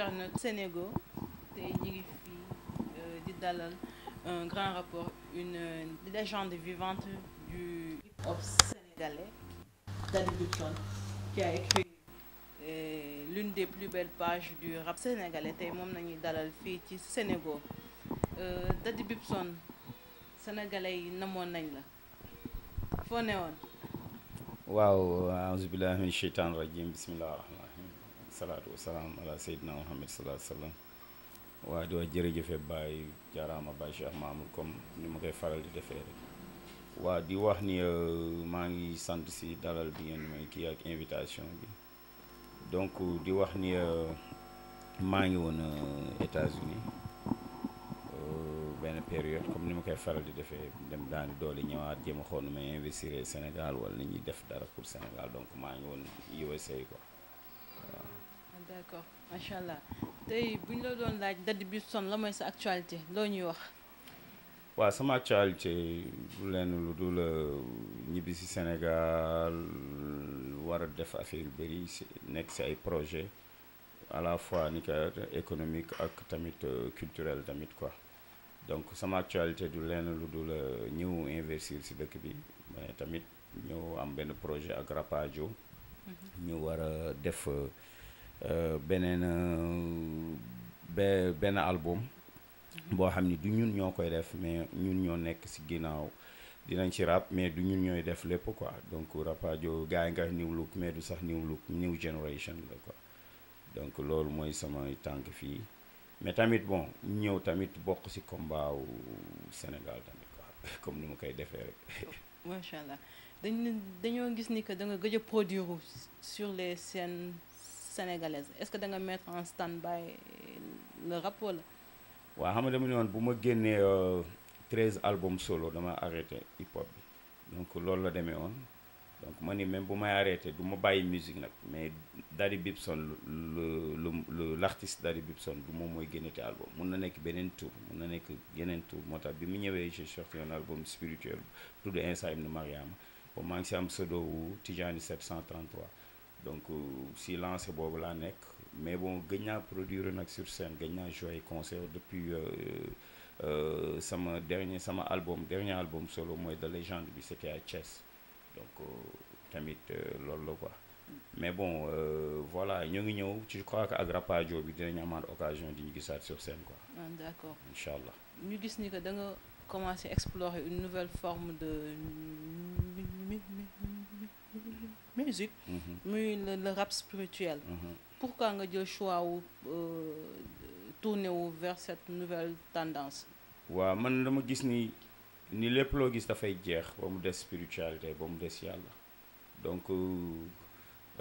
internet Sénégal tey ñu ngi fii euh, di dalal un grand rapport une légende vivante du hip-hop sénégalais Daddy Bib Thione qui a écrit euh, l'une des plus belles pages du rap sénégalais tey moom nañuy dalal fii ci Sénégal Daddy Bib Thione yi namoon nañ la foo ne woon waaw aouzu billahi min sheytaan rajim bismillah salaatu wasalaam ala seydina muhammad sallallahu jërëjëfe Baye jaaraama Baye Cheikh Mamour comme ma koy faral di defee waa di wax ni euh, maa ngi sant si dalal bi ngeen may kii ak invitation bi donc di wax ni euh, maa ngi woon euh, États-Unis benn période comme ni ma koy faral di defee dem daani doole ñëwaat jéem a xool nu may investir Sénégal wala ni ñuy def dara pour Sénégal donc maa ngi woon USA quoi d'accord macha allah tey bu ñu la doon laaj Daddy Bibson la mooy sa actualité loo ñuy wax. waa sama actualité lenn lu dul euh, ñibbi si Sénégal war a def affaire yu bëri nekk si ay projet à la fois ni économique ak tamit euh, culturel tamit quoi donc sama actualité du lenn lu dul euh, ñëw investir si dëkk bi mais tamit ñëw am benn projet ak Rapadio. Mhm. ñu war a def. Euh, beneen euh, be benn album boo xam ni du ñun ñoo koy def mais ñun ñoo nekk ci ginnaaw dinañ ci rap mais du ñun ñooy def lépp quoi donc rap rajo nga new look mais du sax new look new generation la ko donc loolu mooy samay tànk fii mais tamit bon ñëw tamit bokk ci combat baaw Sénégal tamit quoi comme ni ma koy defee rek. macha allah dañu dañoo gis ni que da nga gëj a produire sur les scènes. sénégalaise est-ce que da nga mettre en stand-by le waa wala. waaw xam nga dama ne woon bu ma génnee euh, treize album solo dama arrêté hip hop bi donc loolu la demee woon donc ma ni même bu may arrêté du ma bàyyi musique nag mais Dari Bibson le lu le l'artiste Dari Bibson du moom mooy génne génnete album mun na nekk beneen tour mun na nekk yeneen tour moo tax bi mu ñëwee j'ai sorti un album spirituel tudd Insa Ibn Mariama ba maa ngi si am pseudo wu Tijani donc euh, si lancé boobu laa nekk mais bon gëj naa produire nag sur scène gëj naa jouer concert depuis euh, euh, sama dernier sama album dernier album solo mooy de légende bi c'était à Thiès donc tamit loolu la ko mais bon voilà ñoo ngi ñëw ci je crois que ak Rapadio bi dinañu amaat occasion di ñu gisaat sur scène quoi. ah ñu gis ni que da nga commencer explorer une nouvelle de. musique mhm. muy le, le rap spirituel mhm. pourquoi nga jël choix wu euh, tourner wu vers cette nouvelle tendance waaw man dama gis ni ni lépp loo gis dafay jeex ba mu des spiritualité ba mu des yàlla donc euh,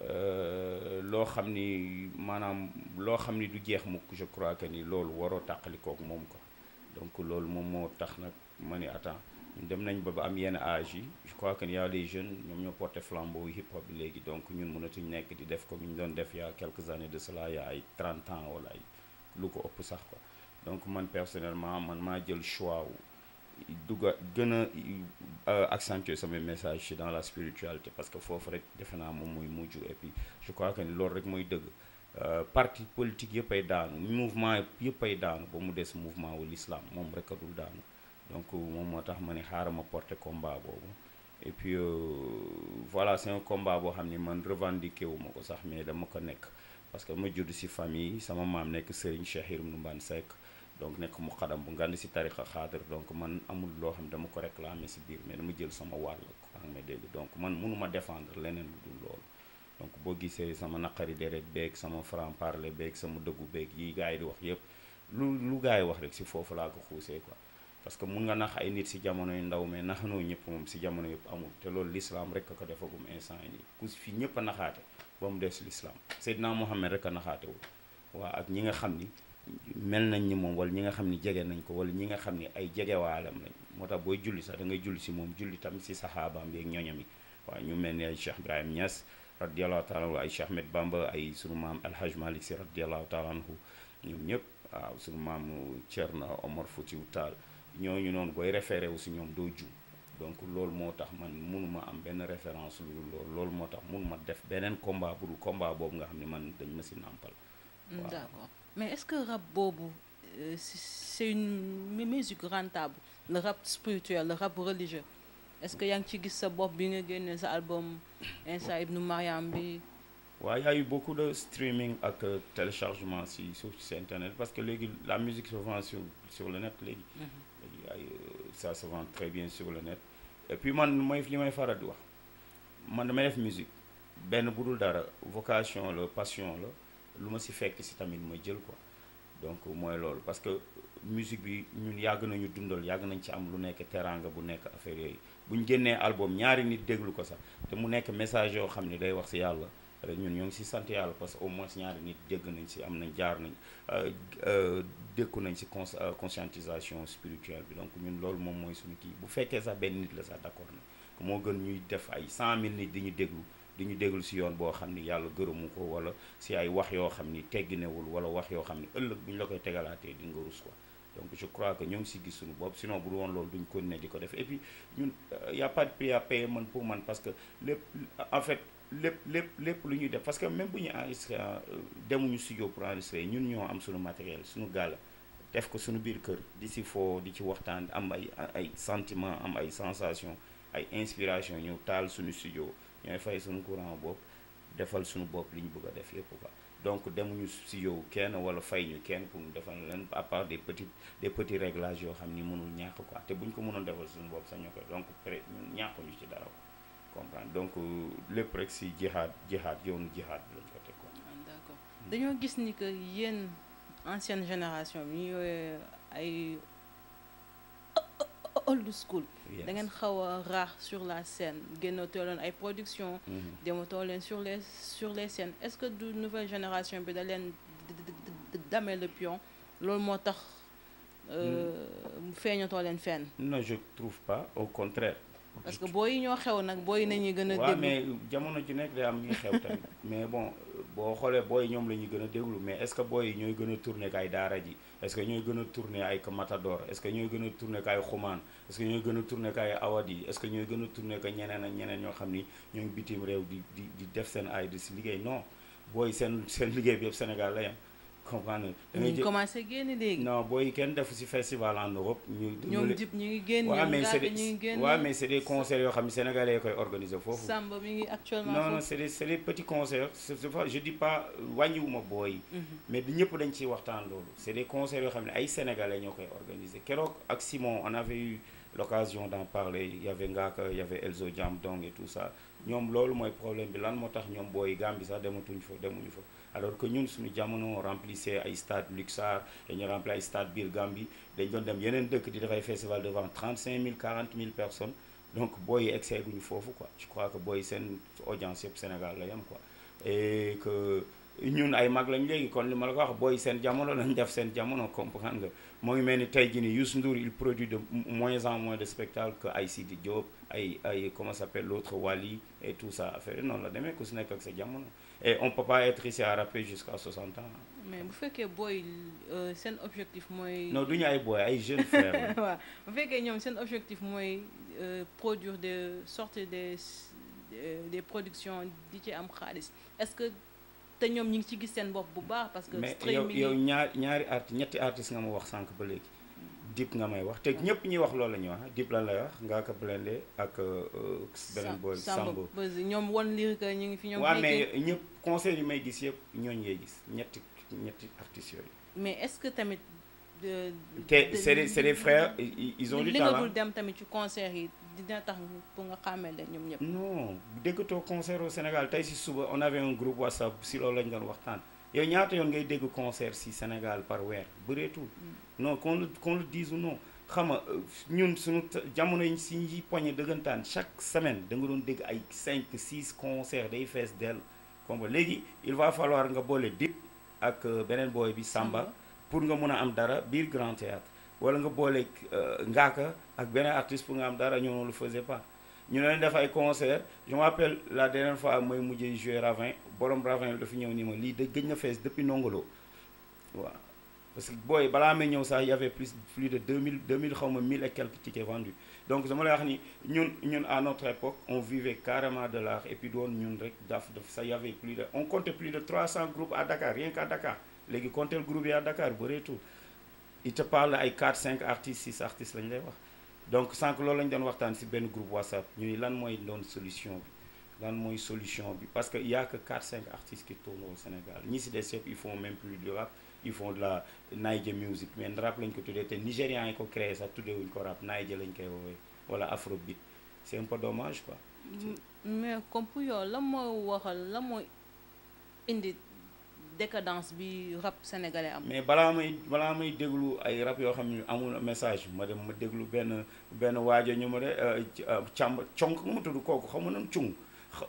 euh, loo xam ni maanaam loo xam ni du jeex mukk je crois que nii loolu waroo tàqalikook moom ko donc loolu moom moo tax nag ma ni attends dem nañ ba ba am yenn âge yi je crois que y a les jeunes ñoom ñoo porté flambeau hip hop bi léegi donc ñun mënatuñ nekk di def ko comme ñu doon def il y a quelques années de cela il y ay trente ans wala ay lu ko ëpp sax ko donc man personnellement man maa jël choix wu dugga gën a accentuer sama message ci dans la spiritualité parce que foofu rek defe naa moom muy mujj et puis je crois que ni loolu rek mooy dëgg euh, parti politique yëpp ay daanu mouvement yëpp ay daanu ba mu des mouvement wu l'islam moom rek a daanu donc euh, moom moo tax ma ne xaaral ma porté combat boobu et puis euh, voilà boo xam ni man revendiqué wu ma ko sax mais dama ko nekk parce que ma judd si famille sama maam nekk Serigne Cheikh Yérim Ndoumane Seck donc nekk mu xadam bu ngand si tarixa xaadir donc man amul loo xam dama ko réclamé si biir mais dama jël sama wàll maa dégg donc man mënuma défendre leneen lu dul loolu donc boo gisee sama naqari deret beeg sama franc parler beeg sama dëggu beeg yi gars yi di wax yépp lu lu gars yi wax rek si foofu laa ko xuusee ko parce que mun nga nax ay nit si jamono yu ndaw mais naxanoo ñëpp moom si jamono yëpp amul te loolu l'islam rek a ko defagum instant yi ku fi ñëpp a naxaate ba mu des l'islam Seydina Mohamed rek a naxaatewul waa ak ñi nga xam ni mel nañ ni moom wala ñi nga xam ni jege nañ ko wala ñi nga xam ni ay jegewaalam lañ moo tax booy julli sax da ngay julli si moom julli tam si saxaabaam yeeg ñooñam yi waaw ñu mel ni ay Cheikh Ibrahim Niass radiallahu taala anhu ay ay sunu maam El Hadj Malick si radiallahu taala ñëpp waaw sunu maamu Thierno Omar Foutiou Tall ñooñu noonu booy référé wu si ñoom doo juum donc loolu moo tax man munu ma am benn référence lu loolu loolu moo tax munu ma def beneen combat bu dul combat boobu nga xam ne man dañ ma si nàmpal. Mm, waaw mais est-ce que rap boobu euh, c'est une musique rentable la rap spirituel le rap religieux est-ce que yaa ngi ci gis sa bopp bi nga génnee sa album Insa Ibnu Mariam bi. waaw ouais, y a beaucoup de streaming ak euh, téléchargement si sur si internet parce que léegi la musique se vend sur sur ay ça se vend très bien sur le net et puis man mooy li may faral di wax man damay def musique benn bu dul dara vocation la passion la lu ma si fekk si tamit ma jël ko donc mooy loolu parce que musique bi ñun yàgg nañu dundal yàgg nañ ci am lu nekk teraanga bu nekk affaire yooyu bu ñu génnee album ñaari nit déglu ko sax te mu nekk message yoo xam ne day wax si yàlla ñun ñoo ngi si sant yàlla parce que au moins ñaari nit dégg nañ si am nañ jaar nañ euh, euh, dékku nañ si con euh, conscientisation spirituelle bi donc ñun loolu moom mooy suñu kii bu fekkee sax benn nit la sax d'accord na moo gën ñuy def ay cent mille nit di ñu déglu di ñu déglu si yoon boo xam ni yàlla gërëmu ko wala si ay wax yoo xam ni tegginewul wala wax yoo xam ni ëllëg bu ñu la koy tegalaatee di nga rus quoi donc je crois que ñoo ngi si gis suñu bopp sino bu woon loolu duñ ko def et puis ñun pour man parce que lépp en fait. lépp lépp lépp lu ñuy def parce que même bu ñu enregistré euh, demuñu studio pour enregistrer ñun ñoo am suñu matériel suñu gàll def ko suñu biir kër di si foo di ci waxtaan am ay ay sentiment am ay sensation ay inspiration ñu taal suñu studio ñooy fay suñu courant bopp defal suñu bopp li ñu bëgg a def yëpp quoi donc demuñu studio kenn wala fay ñu kenn pour ñu defal leen à part des petits des petits réglages yoo xam ni mënul ñàkk quoi te bu ñu ko mënoon defal suñu bopp sax ñoo koy donc ñun ñàkkuñu ci dara comprendre donc euh, lépp rek si jihaad jihaad yoonu jihaad bi lañ ah, dañoo gis ni que yéen ancienne génération bi ñu yooyee ay school. da ngeen xaw a raax sur la scène génnatoo leen ay production mm-hmm. dematoo leen sur les sur les scènes est-ce que du nouvelle génération bi da leen damee le pion loolu moo tax euh, mm. feeñatoo leen fenn. non je trouve pas au contraire. parce que booy yi ñoo xew nag booy yi nañuy gën a déglu waaw mais jamono ci nekk day am ñuy xew tamit mais bon boo xoolee booy yi ñoom la ñuy gën a déglu mais est ce que booy yi ñooy gën a tourné kay daara ji est ce que ñooy gën a tourné ay Matador est ce que a tourné kay xumaan est ce que ñooy gën a tourné kay awadi est ce que ñooy gën a tourné ñeneen ak ñeneen ñoo xam ni ñoo ngi bitim réew di di def seen ay si liggéey no booy seen seen liggéey bi yëpp Sénégal la yam comprendre da ngay commencé génn léegi. non booy kenn def si festival en Europe. ñoom jib ñu ngi génn ñoom gàddu ñu ngi génn. waaw mais c' est des yoo xam ne sénégalais yi koy organisé foofu. Samba mi ngi actuellement non non c' booy. Mhm. mais du dañ ciy waxtaan loolu. c' est des yoo xam ne ay sénégalais ñoo koy organisé keroog ak Simon on avait eu l' occasion d' en parler il y avait Ngaka il y avait Elzo Diam Dong et tout ça ñoom loolu mooy problème bi lan moo tax ñoom booy Gambie sax dematuñ fa demuñu fa. alors que ñun suñu jamono remplissait ay stade Luxor dañu rempli ay stade biir Gambie dañ doon dem yeneen dëkk di def ay festival devant 35 000 40 000 personnes donc booy excès guñu foofu ko je crois que booy seen audience yëpp Sénégal la yam quoi et ñun ay mag lañ léegi kon li ma la ko wax booy seen jamono lañ def seen jamono comprendre nga moo ngi mel ni tey jii ni Youssou Ndour il produit de moins en moins de spectacle que ay Sidi Diop ay ay comment s'appelle l'autre Wally affaire noonu la demee ku si nekk ak sa jamono et on peut pas à rapper jusqu'à 60 ans. mais bu fekkee booy euh, seen objectif mooy. non du ñu ay booy ay jeunes frères. waaw bu fekkee ñoom seen objectif mooy euh, produire de sorte des euh, des productions di ci am xaalis est-ce que te ñoom ñu ngi ci gis seen bopp bu baax. parce que mais yow yow ñaar ñaari arti ñetti artistes nga ma wax sànq ba léegi. dip nga may wax te ñëpp ñuy wax loolu la ñuy wax ah, dip lan lay wax Ngaaka Blindé ak. Euh, euh, beneen boy Samba ñoom wan lyrique ñu ngi fi ñoom. waaw mais ñëpp concert yi may gis yëpp ñooñu ngay gis ñetti ñetti artistes yooyu. mais est-ce que tamit. de te c'est des c'est des frères ils ont du dem tamit ci concert yi dina tax pour nga xàmmee leen ñoom ñëpp. non déggatoo concert au Sénégal tey si suba on avait un groupe WhatsApp si loolu lañ doon waxtaan. yow ñaata yoon ngay dégg concert si Sénégal par weer bëreetul. Mm. non qu'on le qu'on le dise ou non xam nga ñun suñu jamono yi si ñuy poñe dëggantaan chaque semaine da nga doon dégg ay cinq 6 concert day fees dell. comme léegi il va falloir nga boole dip ak euh, beneen booy bi Samba pour nga mun a am dara biir grand théâtre wala nga boole euh, Ngaaka ak beneen artiste pour nga am dara ñoo ne le faisait pas ñu leen def ay concert je me la dernière fois mooy mujjee jouer Ravin borom ravin bi ñëw ni ma lii da gëj na fees depuis nongolo waaw parce que booy balaa may ñëw sax y avait plus plus de mille 2000 xaw ma 1000 et quelques tickets vendus donc dama lay wax ni ñun ñun à notre époque on vivait carrément de l'art et puis doon ñun rek daf daf sax y avait plus de on comptait plus de 300 groupes à Dakar rien qu'à Dakar léegi compter groupe yi à Dakar bëreetul il te parle ay 4 5 artistes 6 artistes lañ lay wax donc sànq loolu waxtaan ci benn groupe WhatsApp ñuy lan mooy doon solution lan mooy solution bi parce que y a que 4 5 artistes qui Sénégal ñi si des yëpp ils font même plus de rap ils font de la naija music mais rap lañ ko tuddee te nigérian yi ko créé sax tuddeewuñ ko rap naija lañ koy woowee wala afrobeat c'est un peu dommage quoi. mais comme pour yow lan moo waxal lan moo indi décadence bi rap sénégalais am. mais balaa may balaa may déglu ay rap yoo xam ne amul message ma dem ma déglu benn benn waajo ñu ma de càmb euh, conk mu tudd kooku na cung.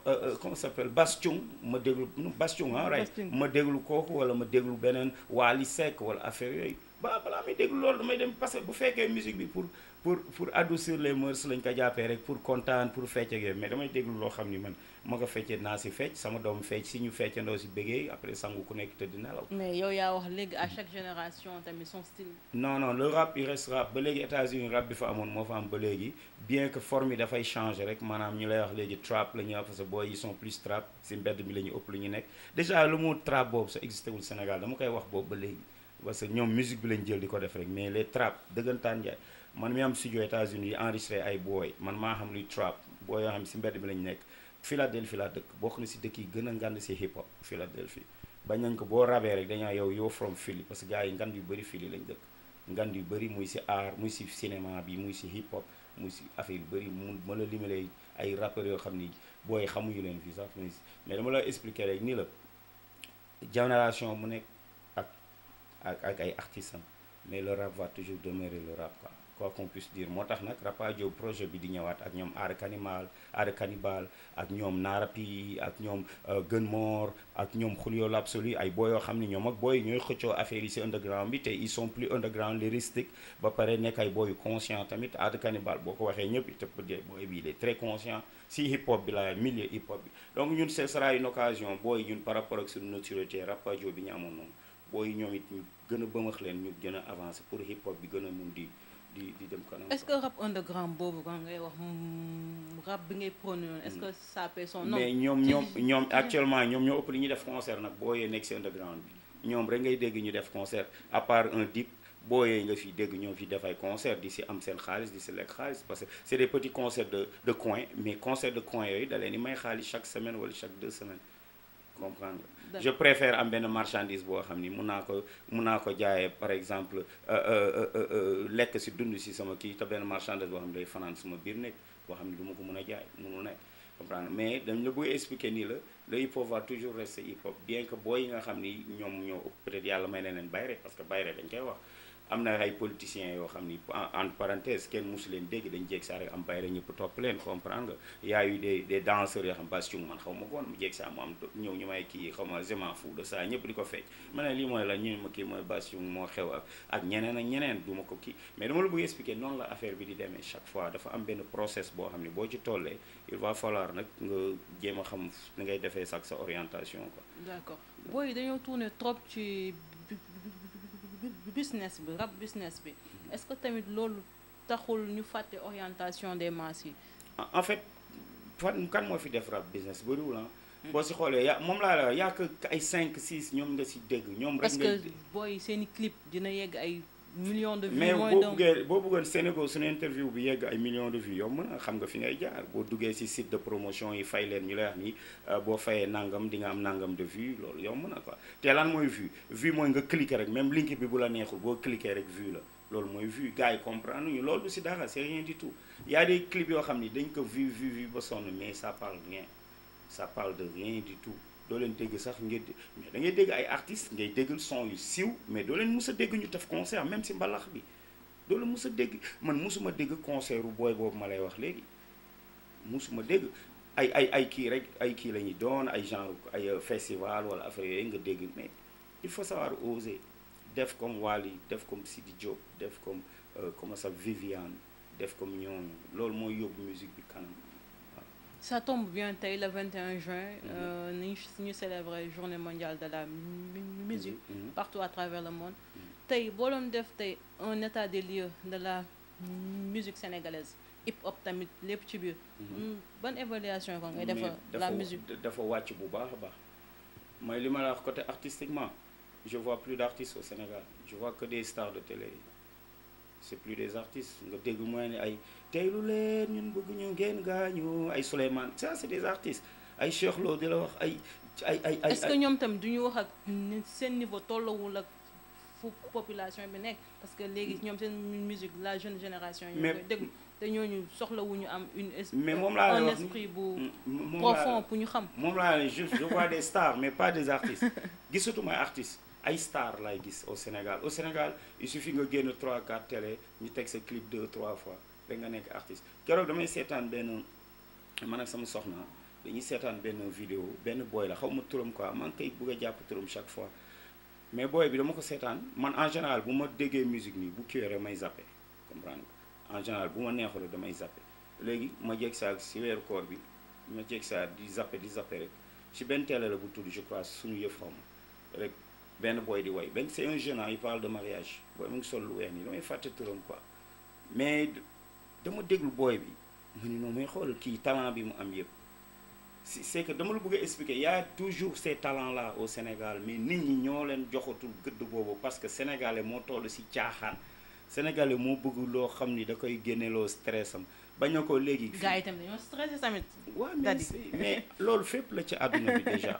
Euh, euh, comment ça s'appelle Bastion ma déglu Bastion ah ma déglu kooku wala ma déglu beneen Wally Seck wala affaire yooyu ba balaa may déglu loolu damay dem parce que bu fekkee musique bi pour pour pour adoucir les mœurs lañ ko jàppee rek pour kontaan pour fecc ak mais damay déglu loo xam ni man ma ko feccee naa si fecc sama doom fecc si ñu feccandoo si bëggee après sangu ku nekk tëdd nelaw. mais yow yaa wax léegi à chaque génération tamit son style. non non le rap il reste rap ba léegi États-Unis rap bi fa amoon moo fa am ba léegi bien que form yi dafay changer rek maanaam ñu lay wax léegi trap la ñuy wax que booy yi sont plus trap si mbedd mi la ñu ëpp lu ñu nekk déjà lu mu trap boobu sa existé wul Sénégal dama koy wax boobu ba léegi. parce que ñoom musique lañ jël di ko mais les trap dëggantaan njaay man mi am studio États-Unis di enregistré ay booy man maa xam luy trap booy yoo xam si mbedd bi lañ nekk Philadelphie laa dëkk boo xam ne si dëkk yi gën a ngand si hip hop Philadelphie bañ nañ ko boo rabee rek dañaa yow yow from Philly parce que gars yi ngand yu bëri Philly lañ dëkk ngand yu bëri muy si art muy si cinéma bi muy si hip hop muy si affaire yu bëri mu ma la limalee ay rappeurs yoo xam ni booy xamuñu leen fii sax mais ma la expliquer rek nii la génération mu nekk ak ak ak ay artistes mais le rap va toujours demeurer le rap quoi qu'on puisse moo tax nag Rapadio projet bi di ñëwaat ak ñoom aar cannibal aar cannibal ak ñoom naarapi ak ñoom euh, gën moor ak ñoom xulio l'absolu ay boo yoo xam ne ñoom ak booy ñooy xëccoo affaire yi si underground bi te ils sont plus underground lyristique ba pare tamit aar cannibal boo ko waxee ñëpp te peut dire booy bi il est très conscient si hip hop bi ñun ce sera une ñun par rapport ak suñu notoriété Rapadio bi ñu amoon noonu booy ñoom it ñu gën a bëmax leen ñu gën a avancer pour hip hop bi gën a mun di di di dem kanam. est-ce que rap underground boobu quand ngay wax hmm, rap bi ngay prôné noonu est-ce que hmm. ça paie son nom. mais ñoom ñoom ñoom actuellement ñoom ñoo ëpp li ñuy def concert nag booyee nekk si underground bi ñoom rek ngay dégg ñu def concert à part un dip booyee nga fi dégg ñoom fi def ay concert di si am seen xaalis di si lekk xaalis parce que c'est des petits concerts de coin mais concert de coin yooyu da leen may xaalis chaque semaine wala chaque deux semaines. comprendre je préfère am benn marchandise boo xam ni mun naa ko mun naa ko jaayee par exemple euh, euh, euh, lekk si dund si sama kii te benn marchandise boo xam ne day fanaan sama biir nekk boo xam ne duma ko mun a jaay munu nekk comprendre mais dañ la bëgg expliquer nii la le hip hop va toujours rester hip hop bien que booy yi nga xam ni ñoom ñoo peut être yàlla may na leen bayre parce que bayre dañ koy wax am na ay politiciens yoo xam ni parenthèse kenn musu leen dégg dañ jeeg saa rek am bay rek topp leen comprendre nga y a eu des yoo xam Bass man xaw ma ko woon jeeg saa mu am ñëw di ko fecc ma lii mooy la ñu ma kii mooy Bass moo xew ak ñeneen ak ñeneen du ko kii mais dama la bëgg expliquer noonu la affaire bi di demee chaque fois dafa am benn process boo xam ni boo ci tollee il va falloir nag nga jéem a xam ni ngay defee sa orientation quoi. business bi rab business bi est-ce que tamit loolu taxul ñu fàtte orientation des mars yi. Ah, en fait fan kan moo fi def rap business bëriwul ah. Hmm. boo si xoolee ya moom laa la yaa ay cinq 6 ñoom nga si dégg ñoom. rek nga parce booy seen i clip dina yegg ay. millions de vues mais boo buggee boo bëggoon Sénégal suñu interview bi yegg ay millions de vues yomb na xam nga fi ngay jaar boo duggee si site de promotion yi fay leen ñu lay wax ni euh, boo fayee nangam di am nangam de vues loolu yomb na quoi te lan mooy vue vue mooy nga cliquer rek même link bi bu la neexul boo cliquer rek vue la loolu mooy vue gars yi comprendre ñu loolu ci dara c'est rien du tout y a des yoo xam ni dañ ko vue vue vue ba sonn mais ça parle rien de rien du tout. doo leen dégg sax ngeen di da ngay dégg ay artistes ngay dégg son yu siiw mais doo leen mus a dégg ñu def concert même si mbalax bi doo leen mus a dégg man mosuma dégg concert bu booy boobu ma lay wax léegi musuma dégg ay ay ay kii rek ay kii la ñuy doon ay genre ay euh, festival wala affaire yooyu nga dégg mais il faut savoir oser def comme Wally def comme Sidi Diop def comme euh, comment ça Viviane def comme ñooñu loolu mooy yóbbu musique bi kanam. ça tombe bien tey le 21 juin. Euh, ni ñu célébrer journée mondiale de la musique. Mm-hmm, mm-hmm. partout à travers le monde. Mm-hmm. tey boo doon def tey un état des lieux de la musique sénégalaise hip hop tamit lépp ci biir. Mm, ban évaluation ko ngay defar la musique dafa wàcc bu baax a baax. mooy li ma la wax côté artistiquement je vois plus d' artistes au Sénégal je vois que des stars de télé c'est plus des artistes nga dégg ne ay. teylu leen ñun bëgg ñu ngeen gaañu ay Souleymane ça c'est des artistes ay Cheikh Lo di la wax ay ay ay ay est-ce que ñoom tam duñu wax ak seen niveau tollowul ak fu population bi nekk parce que léegi ñoom seen musique la jeune génération ñoo koy déglu te ñooñu soxlawuñu am une mais euh, moom laa esprit bu mm, profond pour ñu xam moom laa ne je vois des stars mais pas des artistes gisatuma artistes ay star laay gis au Sénégal au Sénégal il suffit nga génn 3 4 télé ñu teg sa clip 2 fois ba nga nekk artiste keroog damay seetaan benn man ak sama soxna dañuy seetaan benn vidéo benn booy la xaw ma turam quoi man ngi koy bëgg a jàpp turam chaque fois mais booy bi dama ko seetaan man en général bu ma déggee musique nii bu kiwee may zappé comprendre bu ma neexul damay zappé léegi ma jeg saa si weeru bi ma jeg saa di zappé di zappé ci benn télé bu tudd je crois suñu yëf xaw benn booy di way benn c'est un jeune il de mariage booy mu ngi sol lu mais dama déglu booy bi mu ni noonu may xoolal kii talent bi mu am yëpp si c'est que dama la bëgg a expliquer a toujours ces talents la au Sénégal mais nit ñi ñoo leen joxatul gëdd boobu parce que sénégalais moo toll si caaxaan sénégalais moo bëgg loo xam ni da koy génne génneloo stress am bañ a ko léegi. gars yi tamit dañoo stressé tamit. waaw mais mais loolu fépp la ci àdduna bi déjà.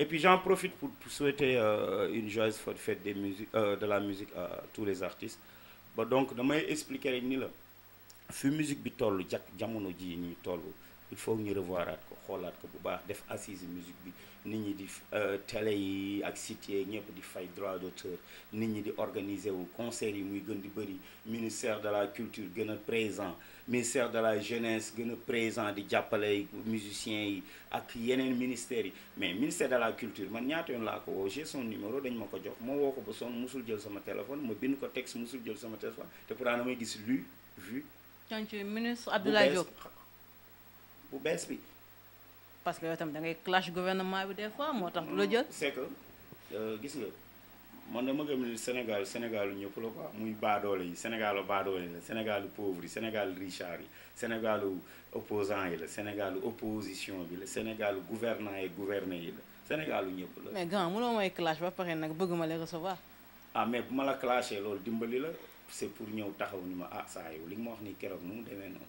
Et puis j'en profite pour, pour souhaiter euh, une joyeuse fête des musiques, euh, de la musique à les artistes. Bah donc, je vais expliquer fi musique bi toll jak jamono ji ñu toll il faut ñu revoiraat ko xoolaat ko bu baax def assise musique bi nit ñi di euh, télé yi ak site yi ñëpp di fay droit d'auteur nit ñi di organiser wu concert yi muy gën di bëri ministère de la culture gën a présent ministère de la jeunesse gën a présent di jàppale musiciens yi ak yeneen ministères yi mais ministère de la culture man ñaata yoon laa ko woo j'ai son numéro dañ ma ko jox moo woo ko ba sonn musul jël sama téléphone ma bind ko texte musul jël sama téléphone te pourtant damay tontu ministre Abdoulaye bu bees bi. parce que yow tamit da ngay clash gouvernement bi des fois moo tax du la jël. Mm, c'est que euh, gis nga man dama gëm ni Sénégal Sénégal ñëpp la quoi muy baadoole yi Sénégal baadoole la Sénégal pauvre yi Sénégal richard yi Sénégal opposant yi la Sénégal opposition bi la Sénégal gouvernant yi gouverné yi la Sénégal ñëpp la. mais grand mënoo may clash ba pare nag bëgg ma la recevoir. ah mais bu ma la clashee loolu dimbali la. c'est pour ñëw taxaw ni ma ah saa yow li nga ma wax ni keroog nu mu demee noonu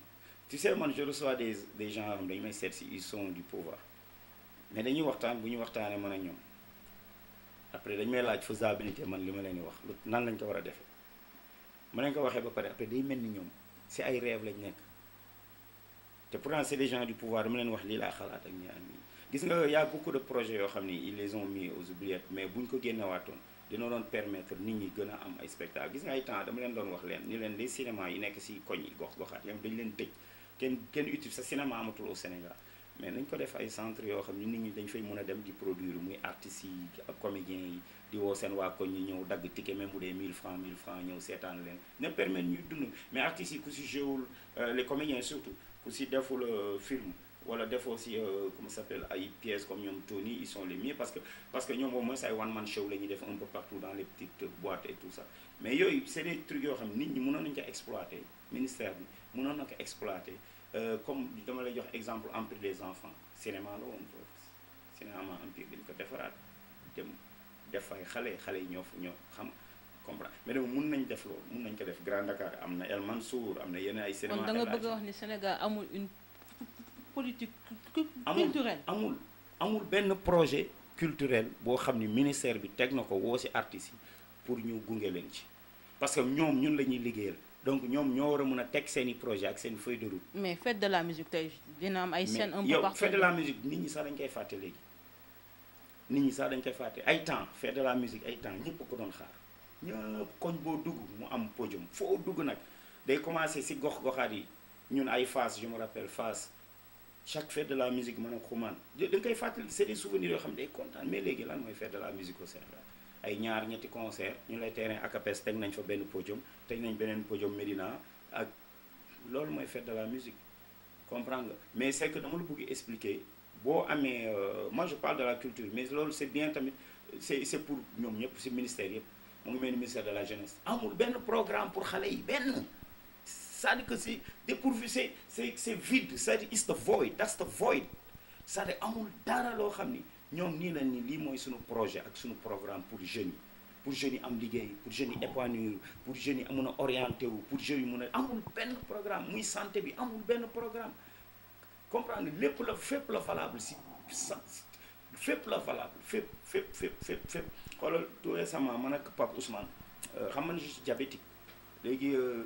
tu sais man je reçois des des gens yoo may seet si ils sont du pouvoir mais dañuy waxtaan bu ñu waxtaanee man a ñoom après dañ may laaj faisabilité man li ma leen di wax lu nan lañ ko war a defee mën nañ ko waxee ba pare après day mel ni ñoom si ay rêve lañ nekk te pourtant c'est des gens du pouvoir dama leen wax lii laa xalaat ak ñi am gis nga y a beaucoup de projets yoo xam ni ils les ont mis aux oubliettes ko génnewaatoon dina doon permettre nit ñi gën a am ay spectacle gis nga ay temps dama leen doon wax leen ni leen les cinéma yi nekk si koñ yi gox goxaat ñoom dañu leen tëj kenn kenn utile sa cinéma amatul au Sénégal mais nañ ko def ay centre yoo xam ni nit ñi dañ fay mën a dem di produire muy artistes yi ak comédiens yi di woo seen waa koñ ñi ñëw dagg ticket même bu dee 1000 francs 1000 francs ñëw seetaan leen na permettre ñu dund mais artistes yi ku si jéwul euh, les comédiens surtout ku si deful euh, film wala def aussi euh, comment ça s'appelle ay pièces comme ñoom Tony ils sont les mieux parce que parce que ñoom au moins ay one man show la def un partout dans les petites boîtes et tout ça mais yooyu c'est des yoo xam nit ñi mënoon nañu ko exploiter ministère bi mënoon na ko exploiter euh, comme dama la jox exemple Empire des enfants cinéma la woon foofu cinéma Empire dañ ko defaraat dem def ay xale xale yi ñoo fu ñoo xam comprendre mais mun nañ def loolu mun nañ ko def Grand am na El Mansour am na yeneen ay cinéma politique culturelle amul amul benn projet culturel boo xam ni ministère bi teg na ko woo si artistes yi pour ñu gunge leen ci parce que ñoom ñun la ñuy liggéeyal donc ñoom ñoo war a mën a teg seen i projet ak seen feuille de mais fête de la musique tey dina am ay scène un peu partout. fête de la musique nit ñi sax dañ koy fàtte léegi nit ñi sax dañ koy fàtte ay temps fait de la musique ay temps ñëpp ko doon xaar ñëpp koñ boo dugg mu am podium foo dugg nag day commencé si gox goxaat yi ñun ay Fass je me rappelle chaque fête de la musique man ak xumaan da nga koy fàttali c'est des souvenirs yoo xam day kontaan mais léegi lan mooy fête de la musique au Sénégal ay ñaar ñetti concert ñu lay terrain akapes teg nañ fa benn pojom teg nañ beneen podium Médina ak loolu mooy fête de la musique comprendre nga mais c'est que dama la bëgg expliquer boo amee euh, moi je parle de la culture mais loolu c'est bien tamit c'est pour ñoom ñëpp ci ministère yëpp mu ngi mel ministère de la jeunesse amul benn programme pour xale yi benn sa à dire que c'est dépourvu c'est c'est c'est vide c'est-à-dire it's the void that's the void cest à amul dara loo xam ni ñoom nii nañ ni lii mooy suñu projet ak suñu programme pour jeunes yi pour jeunes yi am liggéey pour jeunes yi épanouir pour jeunes yi mun a orienté wu pour jeunes yi mun a amul benn programme muy santé bi amul benn programme comprendre lépp la fépp la valable si fépp la valable fépp fépp fépp fépp fépp xoolal tout récemment man ak Pape Ousmane euh, xam nga je diabétique léegi euh,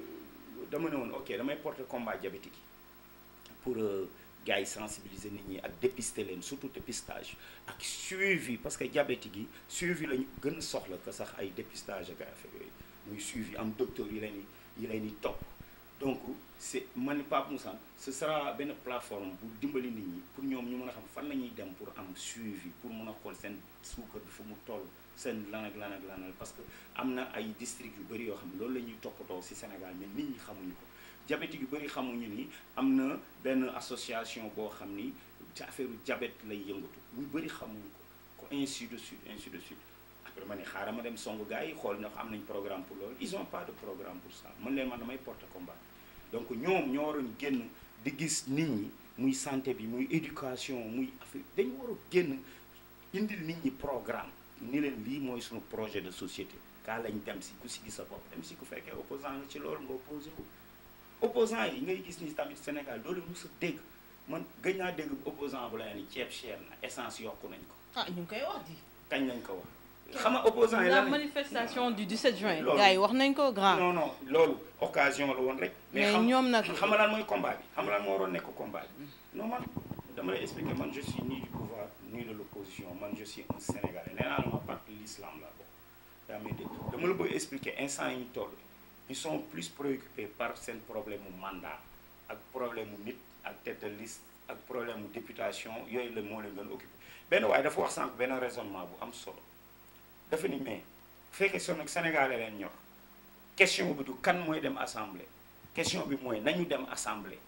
dama ne woon ok damay porter combat diabétique yi pour euh, gars yi sensibiliser nit ñi ak dépister leen surtout dépistage ak suivi parce que diabétique yi suivi lañu gën soxla ko sax ay dépistage ak affaire yooyu muy suivi am docteur yi leen yi leen di topp donc c'est man Pape Moussa ce sera benn plateforme bu dimbali nit ñi pour ñoom ñu mën a xam fan la ñuy dem pour am suivi pour mun a xool seen suukar bi fu mu toll seen lan ak lan ak parce que am na ay districts yu bëri yoo xam ne loolu la ñuy toppatoo ci Sénégal mais nit ñi xamuñu ko diabétique yu bëri xamuñu nii am na benn association boo xam ni ci affaire jabet lay yëngatu ñu bëri xamuñu ko ko ainsi de suite ainsi de suite après ma ne xaaral ma dem songu gars yi xool ndax am nañ programme pour loolu ils ont pas de programme pour ça mën leen man damay porter combat donc ñoom ñoo waroon génn di gis nit ñi muy santé bi muy éducation muy affaire dañu war a génn indil nit ñi programme ni leen lii mooy suñu projet de société kaa lañ dem si ku si gis sa bopp dem si ku fekkee opposant nga ci loolu nga opposé wu opposant yi ngay gis ni tamit Sénégal doole leen sa a man gëj naa dégg opposant bu la ni ceeb cher na essence yokku nañ ko ah ñu ngi koy wax di kañ nañ ko wax xam nga opposant yi la manifestation du 17 juin gars wax nañ ko grand non loolu occasion la woon rek mais ñoom nag xam nga lan mooy combat bi xam nga lan moo waroon nekk combat bi non man dama man je suis ni ni de l'opposition man je suis un sénégalais nee naa la ma parti l'islam la bokk dama la bëgg expliquer instant yi ñu toll ils sont plus préoccupés par seen problème mu mandat ak problème mu nit ak tête de ak problème mu députation yooyu la moo leen doon occupé benn waaye dafa wax sànq benn raisonnement bu am solo dafa ni mais fekkee son ak sénégalais leen ñor question bi du kan mooy dem assemblée question bi mooy nañu dem assemblée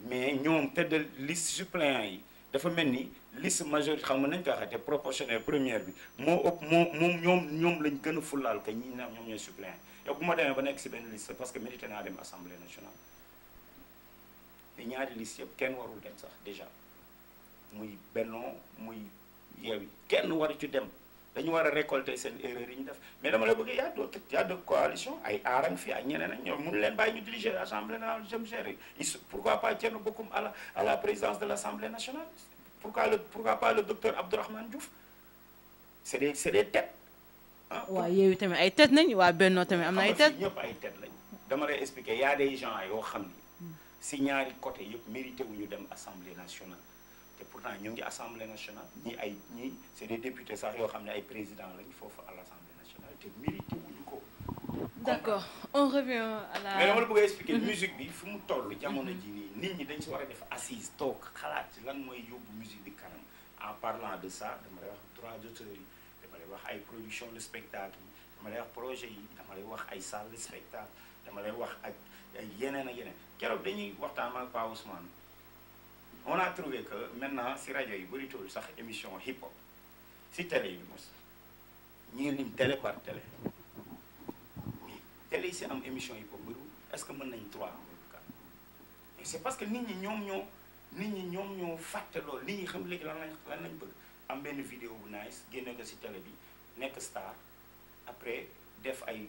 mais ñoom tête de liste yi dafa mel ni liste majorité xam nga nañ ko waxee te proportionnel première bi moo ëpp moo moom ñoom ñoom lañ gën a fulaal que ñi naan ñoom ñooy suppléant yow bu ma demee ba nekk si benn liste parce que mérité naa dem assemblée nationale te ñaari liste kenn warul dem sax déjà muy bennoo muy yeewi kenn waru ci dem dañu war a récolter seen erreur yi ñu def mais dama la bëgg y'a d'autres y'a de coalition ñoom mënu leen bàyyi ñu diriger assemblée nationale jëm gérer pourquoi pas Thierno Bocoum à la à la présidence de l' assemblée nationale pourquoi le pourquoi pas le docteur Abdourahmane Diouf c'est des c'est des têtes ah waaw yooyu tamit ay têtes nañ waa Benno tamit am na ay têtes yëpp ay têtes lañ dama lay expliquer y a des gens yoo xam ni si ñaari côté yëpp mérité wuñu dem assemblée nationale te pourtant ñu ngi assemblée nationale ñi ay ñi c'est des députés sax yoo xam ne ay président lañ foofu à l'assemblée nationale te mérité d'accord on revient la. mais la bëgg a expliquer bi fu mu toll jamono ji nii nit ñi dañ si war a def assise toog xalaat lan mooy yóbbu musique bi kanam en parlant de ça dama lay wax droits d'auteur yi dama lay wax ay production le spectacle yi dama lay wax projet yi dama lay wax ay salle de spectacle dama lay wax ak yeneen ak yeneen keroog dañuy waxtaan ak Pa Ousmane on a trouvé que maintenant si rajo yi tool sax émission hip hop si télé yi mos ñii lim télé télé yi si am émission yi ko bëriwul est-ce que mën nañ trois en cas mais c'est parce que nit ñi ñoom ñoo nit ñi ñoom ñoo fàtte loolu nit ñi xam léegi lan lañ lan lañ bëgg am benn vidéo bu nice génne ko si tele bi nekk star après def ay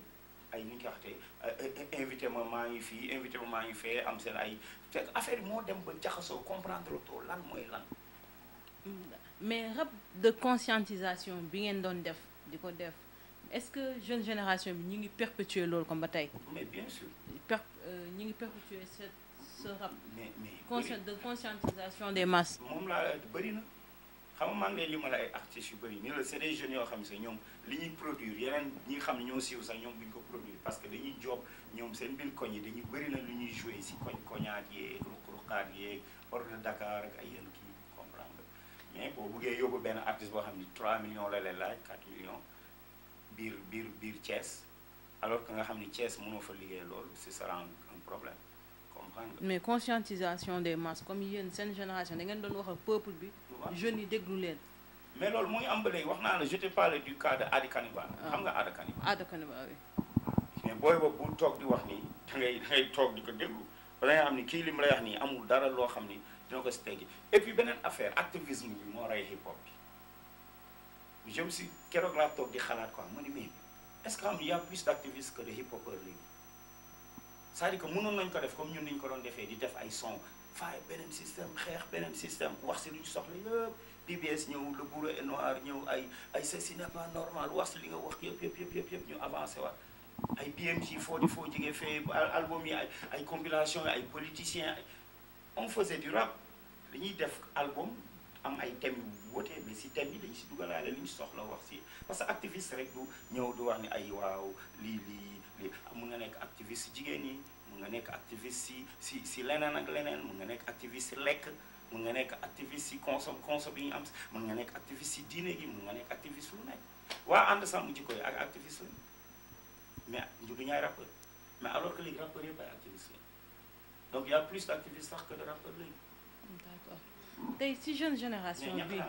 ay ni euh, euh, invité ma maa ngi fii invité ma maa ngi fee am seen ay te affaire moo dem ba jaxasoo comprendre trop lan mooy lan. mais rab de conscientisation bi ngeen doon def di ko def. est-ce que jeune génération bi ñu ngi perpétuer loolu comme ba tey. mais bien sûr. per euh, ñu ngi perpétuer ce ce rap. mais mais de conscientisation des masses. moom laa bëri na xam nga maa ngi lay limal ay artistes yu bëri ni la c'est des jeunes yoo xam ne sax ñoom li ñuy produire yeneen ñi xam ne ñoo siiw sax ñoom bu ñu ko produire parce que dañuy job ñoom seen biir koñ yi dañuy bëri na lu ñuy jouer si koñ koñaat yeeg ruq-ruqaat yeeg hors Dakar ak ay yenn kii comprendre mais boo buggee yóbbu benn artiste boo xam ne 3 millions la lay laaj 4 biir biir biir Thiès alors que nga xam ni Thiès mënoo fa liggéey loolu ce sera un problème comprendre nga. mais conscientisation des masses comme yéen seen génération da ngeen doon wax ak peuple bi. jeunes yi déglu leen. mais loolu mu ngi wax naa la je te parle du cas de Adi ah. xam nga Adi Kaniba. Adi mais booy boobu bu toog di wax nii da ngay toog di ko déglu ba da nga xam ni kii li mu lay wax nii amul dara loo xam ni dina ko si et puis beneen affaire moo rey hip hop je me suis keroog laa toog di xalaat quoi ma ni mais est-ce que am y a plus d'activistes que de hip-hopeurs léegi c'est-à-dire que mënoon nañ ko def comme ñun niñ ko doon defee di def ay son faay beneen système xeex beneen système wax si lu ñu soxla yëpp PBS ñëw le bourreau est noir ñëw ay ay ceci n'est pas normal wax si li nga wax yëpp yëpp yëpp yëpp ñu avancé waat ay BMG foo di foo jege fee album yi ay ay compilation ay politiciens on faisait du rap dañuy def album am ay thèmes yu wute mais si thème yi dañ si dugalaale li ñu soxla wax si parce que activiste rek du ñëw du wax ni ay waaw lii lii lii ah, mun nga nekk activiste si jigéen ñi mun nga nekk activiste si si si leneen ak leneen mun nga nekk activiste lekk mun nga nekk activiste si consom consom yi ñu am mun nga nekk activiste si diine gi mun nga nekk activiste lu nekk waa ànd sàmm jikko yi ak activiste lañu mais ñu du ñaay rappeur mais alors que léegi rappeurs yëpp ay activiste donc y a plus d' sax que de tey si jeune génération bi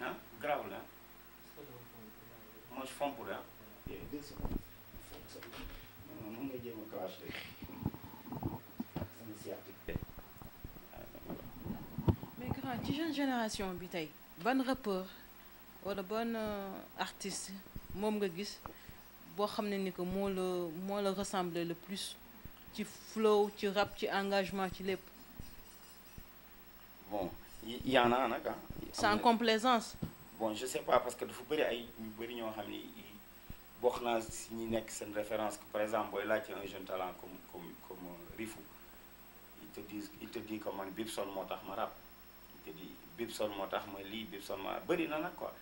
ah ci jeune génération bi tey ban rappeur wala ban uh, artiste moom nga gis boo xam ne ni que moo la moo le plus ci flow ci rap ci engagement ci lépp bon y en a nag ah. complaisance. bon je sais pas parce que dafa bëri ay ñu bëri ñoo xam ni bokk naa si ñi nekk seen référence par exemple booy laajte un jeune talent comme comme comme Rifou il te dit il te dit que man Bibson moo tax ma rap il te dit Bibson moo tax ma lii Bibson ma bëri na nag quoi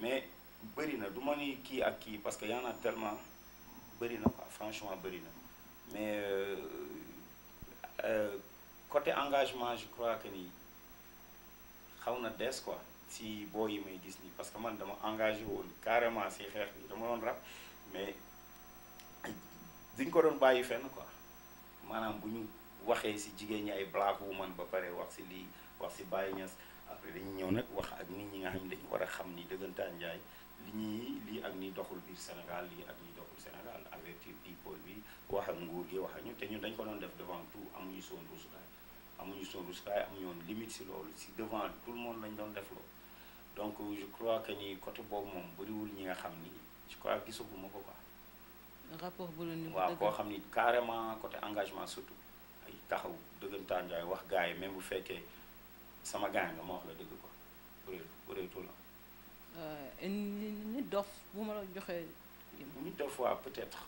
mais bëri na du ma kii ak kii parce que y en a tellement bëri na ko franchement bëri na mais euh, euh, côté engagement je crois que nii. xaw na des quoi si boo yi may gis nii parce que man dama engagé woon carrément si xeex bi dama doon rap mais duñ ko doon bàyyi fenn ko maanaam bu ñu waxee si jigéen ñi ay black man ba pare wax si lii wax si Baye Niass après dañu ñëw nag wax ak nit ñi nga xam ne dañu war a xam ni dëggantaan njaay li ñuy lii ak nii doxul biir Sénégal lii ak ni doxul Sénégal avertir people bi wax ak nguur gi wax ak ñu te ñun dañ ko doon def devant tout amuñu soon rusukaay amuñu soluskaay amuñu woon limite si loolu si devant tout le monde lañ doon def loolu donc je crois que ni côté boobu moom bëriwul ñi nga xam ni je crois gisaguma ko quoi. rapport bu la koo xam ni carrément côté engagement surtout ay taxaw dëggantaan jaay wax gars yi même bu fekkee sama gars nga ma wax la dëgg quoi bëreetul bëreetul nit dof bu ma la joxee. nit dof waaw peut-être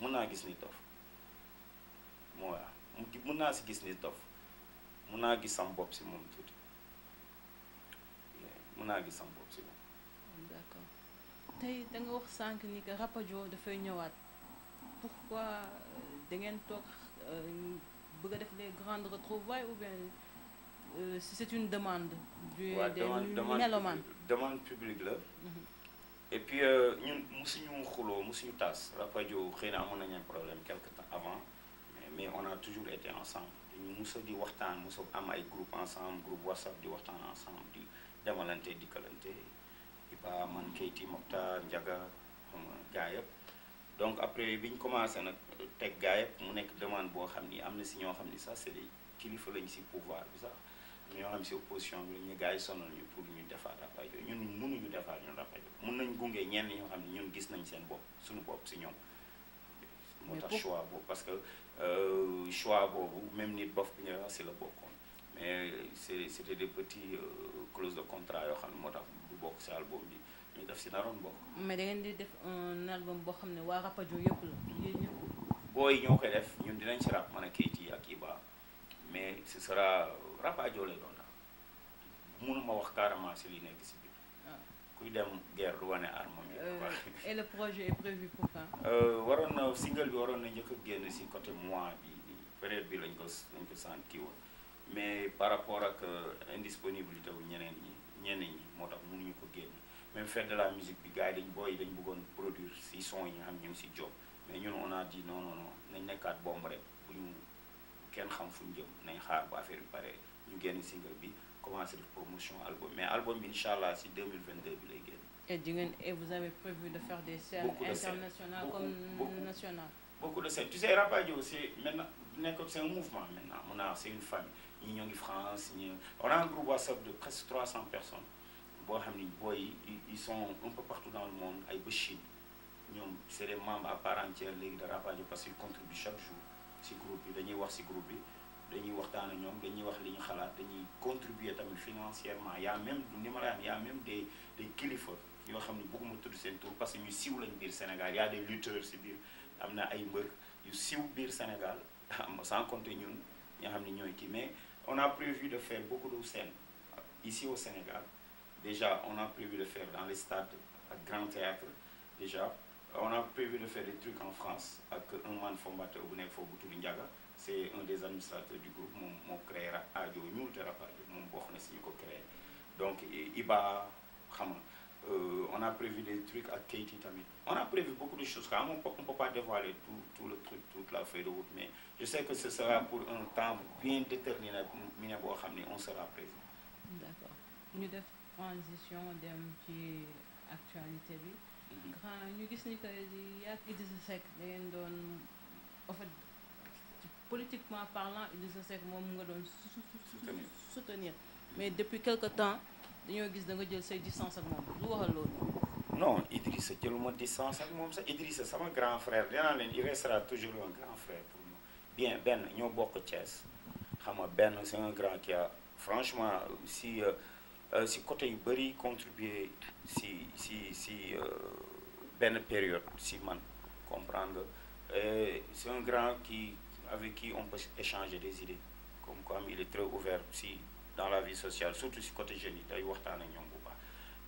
mën naa gis nit dof moo waaw mën naa si gis nit dof. mun naa gis sama bopp si moom tuuti mun naa gis sama bopp si moom. d'accord tey da nga wax sànq nii que Rapadio dafay ñëwaat pourquoi da ngeen toog euh, bëgg a def les grandes retrouvailles ou bien si euh, c'est une demande. du des mélomanes demande publique la. Mhm. et puis euh, ñun musuñu xuloo musuñu taas Rapadio xëy na amoon nañu problème quelque temps avant mais on a toujours été ensemble. dañu musa di waxtaan musa am ay groupe ensemble groupe whatsapp di waxtaan ensemble di demalante dikkalante Iba man Keyti Mokhtar Ndiaga xam nga yëpp donc après bi ñu commencé nag teg gaa yëpp mu nekk demande boo xam ni am na si ñoo xam ni sax c'est des kilifa lañ si pouvoir bi sax ñoo xam si opposition bi ñu gars yi sonal ñu pour ñu defaat rapajo ñun mënuñu defaat ñun rapajo mën nañ gunge ñenn ñoo xam ne ñun gis nañ seen bopp suñu bopp si ñoom moo tax choix boobu parce que euh, choix boobu même nit bof bi ñëw si la bokkoon mais c'est c'était des petits euh, clauses de contrat yoo xam ne moo tax du bokk si album bi ñu def si naroon bokk. mais da ngeen di def un album boo xam ne waa Rapadio yëpp la yéen booy ñoo koy def ñun dinañ si rap man a Keyti ak Iba mais ce sera Rapadio lay doon daal mënuma wax carrément si li nekk si. kuy dem guerre du wane arme mi. Euh, et le projet est prévu euh, waroon na single bi waroon na njëkk génn si côté mois bi période bi lañ ko lañ ko senti woon mais par rapport ak euh, indisponibilité wu ñeneen ñi ñeneen ñi moo tax mënuñu ko génn même fête de la musique bi gars yi dañ booy dañ bëggoon produire si son yi am xam ñu si job mais ñun on a dit non non non nañ nekkaat bomb rek bu ñu kenn xam fu ñu jëm nañ xaar ba affaire bi pare ñu génn single bi. commencé def promotion album mais album bi incha allah si 2022 bi lay génn. et di ngeen et vous avez prévu de faire des scènes internationales comme nationales. beaucoup de scènes tu sais Rapadio c' est maintenant nekk c' un mouvement maintenant mun naa une famille ñi ñoo ngi France ñi on a un groupe de presque 300 personnes boo xam ni booy ils sont un peu partout dans le monde ay ba Chine ñoom c' est des membres à part entière léegi de Rapadio parce que ils contribuent chaque jour si wax si bi. dañuy waxtaan ak ñoom dañuy wax li xalaat dañuy contribuer tamit financièrement y a même du ni ma la y a des des kilifa yoo xam ne bëgguma tudd seen tur parce que ñu siw lañu biir Sénégal y a des lutteurs biir am na ay mbër yu siw biir Sénégal sans compter ñun ñoo xam ne ñooy kii mais on a prévu de faire beaucoup de scènes ici au Sénégal déjà on a prévu de faire dans les stades ak Grand Théâtre déjà on a prévu de faire des trucs en France ak un man combattant bu nekk foofu bu tudd c'est un des administrateurs du groupe moom moo créé aajo ñuul te rap aajo moom bokk na si ñu ko donc IBA xam nga euh, on a prévu des trucs a prévu beaucoup de choses quand même pas dévoiler tout le truc toute la feuille de route mais je sais que ce sera pour un temps bien déterminé mi ne boo xam on sera présent. d'accord ñu def transition dem ci actualité bi. Mm-hmm. grand ñu gis ni que yàgg Idrissa Seck da ngeen doon en fait. politiquement parlant Idrissa Seck moom nga doon soutenir mais depuis quelque temps dañoo gis da nga jël say distance ak moom lu waxal loolu non Idrissa jëluma distance ak moom sax Idrissa sama grand frère dinaa leen il restera toujours un grand frère pour moi bien benn ñoo bokk Thiès xam nga benn c'est un grand qui a franchement si euh, euh, si côté yu bëri contribuer si si si euh, benn période si man comprendre c'est un grand qui avec qui on peut échanger des idées comme quoi il est très ouvert si dans la vie sociale surtout si côté jeunes yi day waxtaan ak ñoom bu baax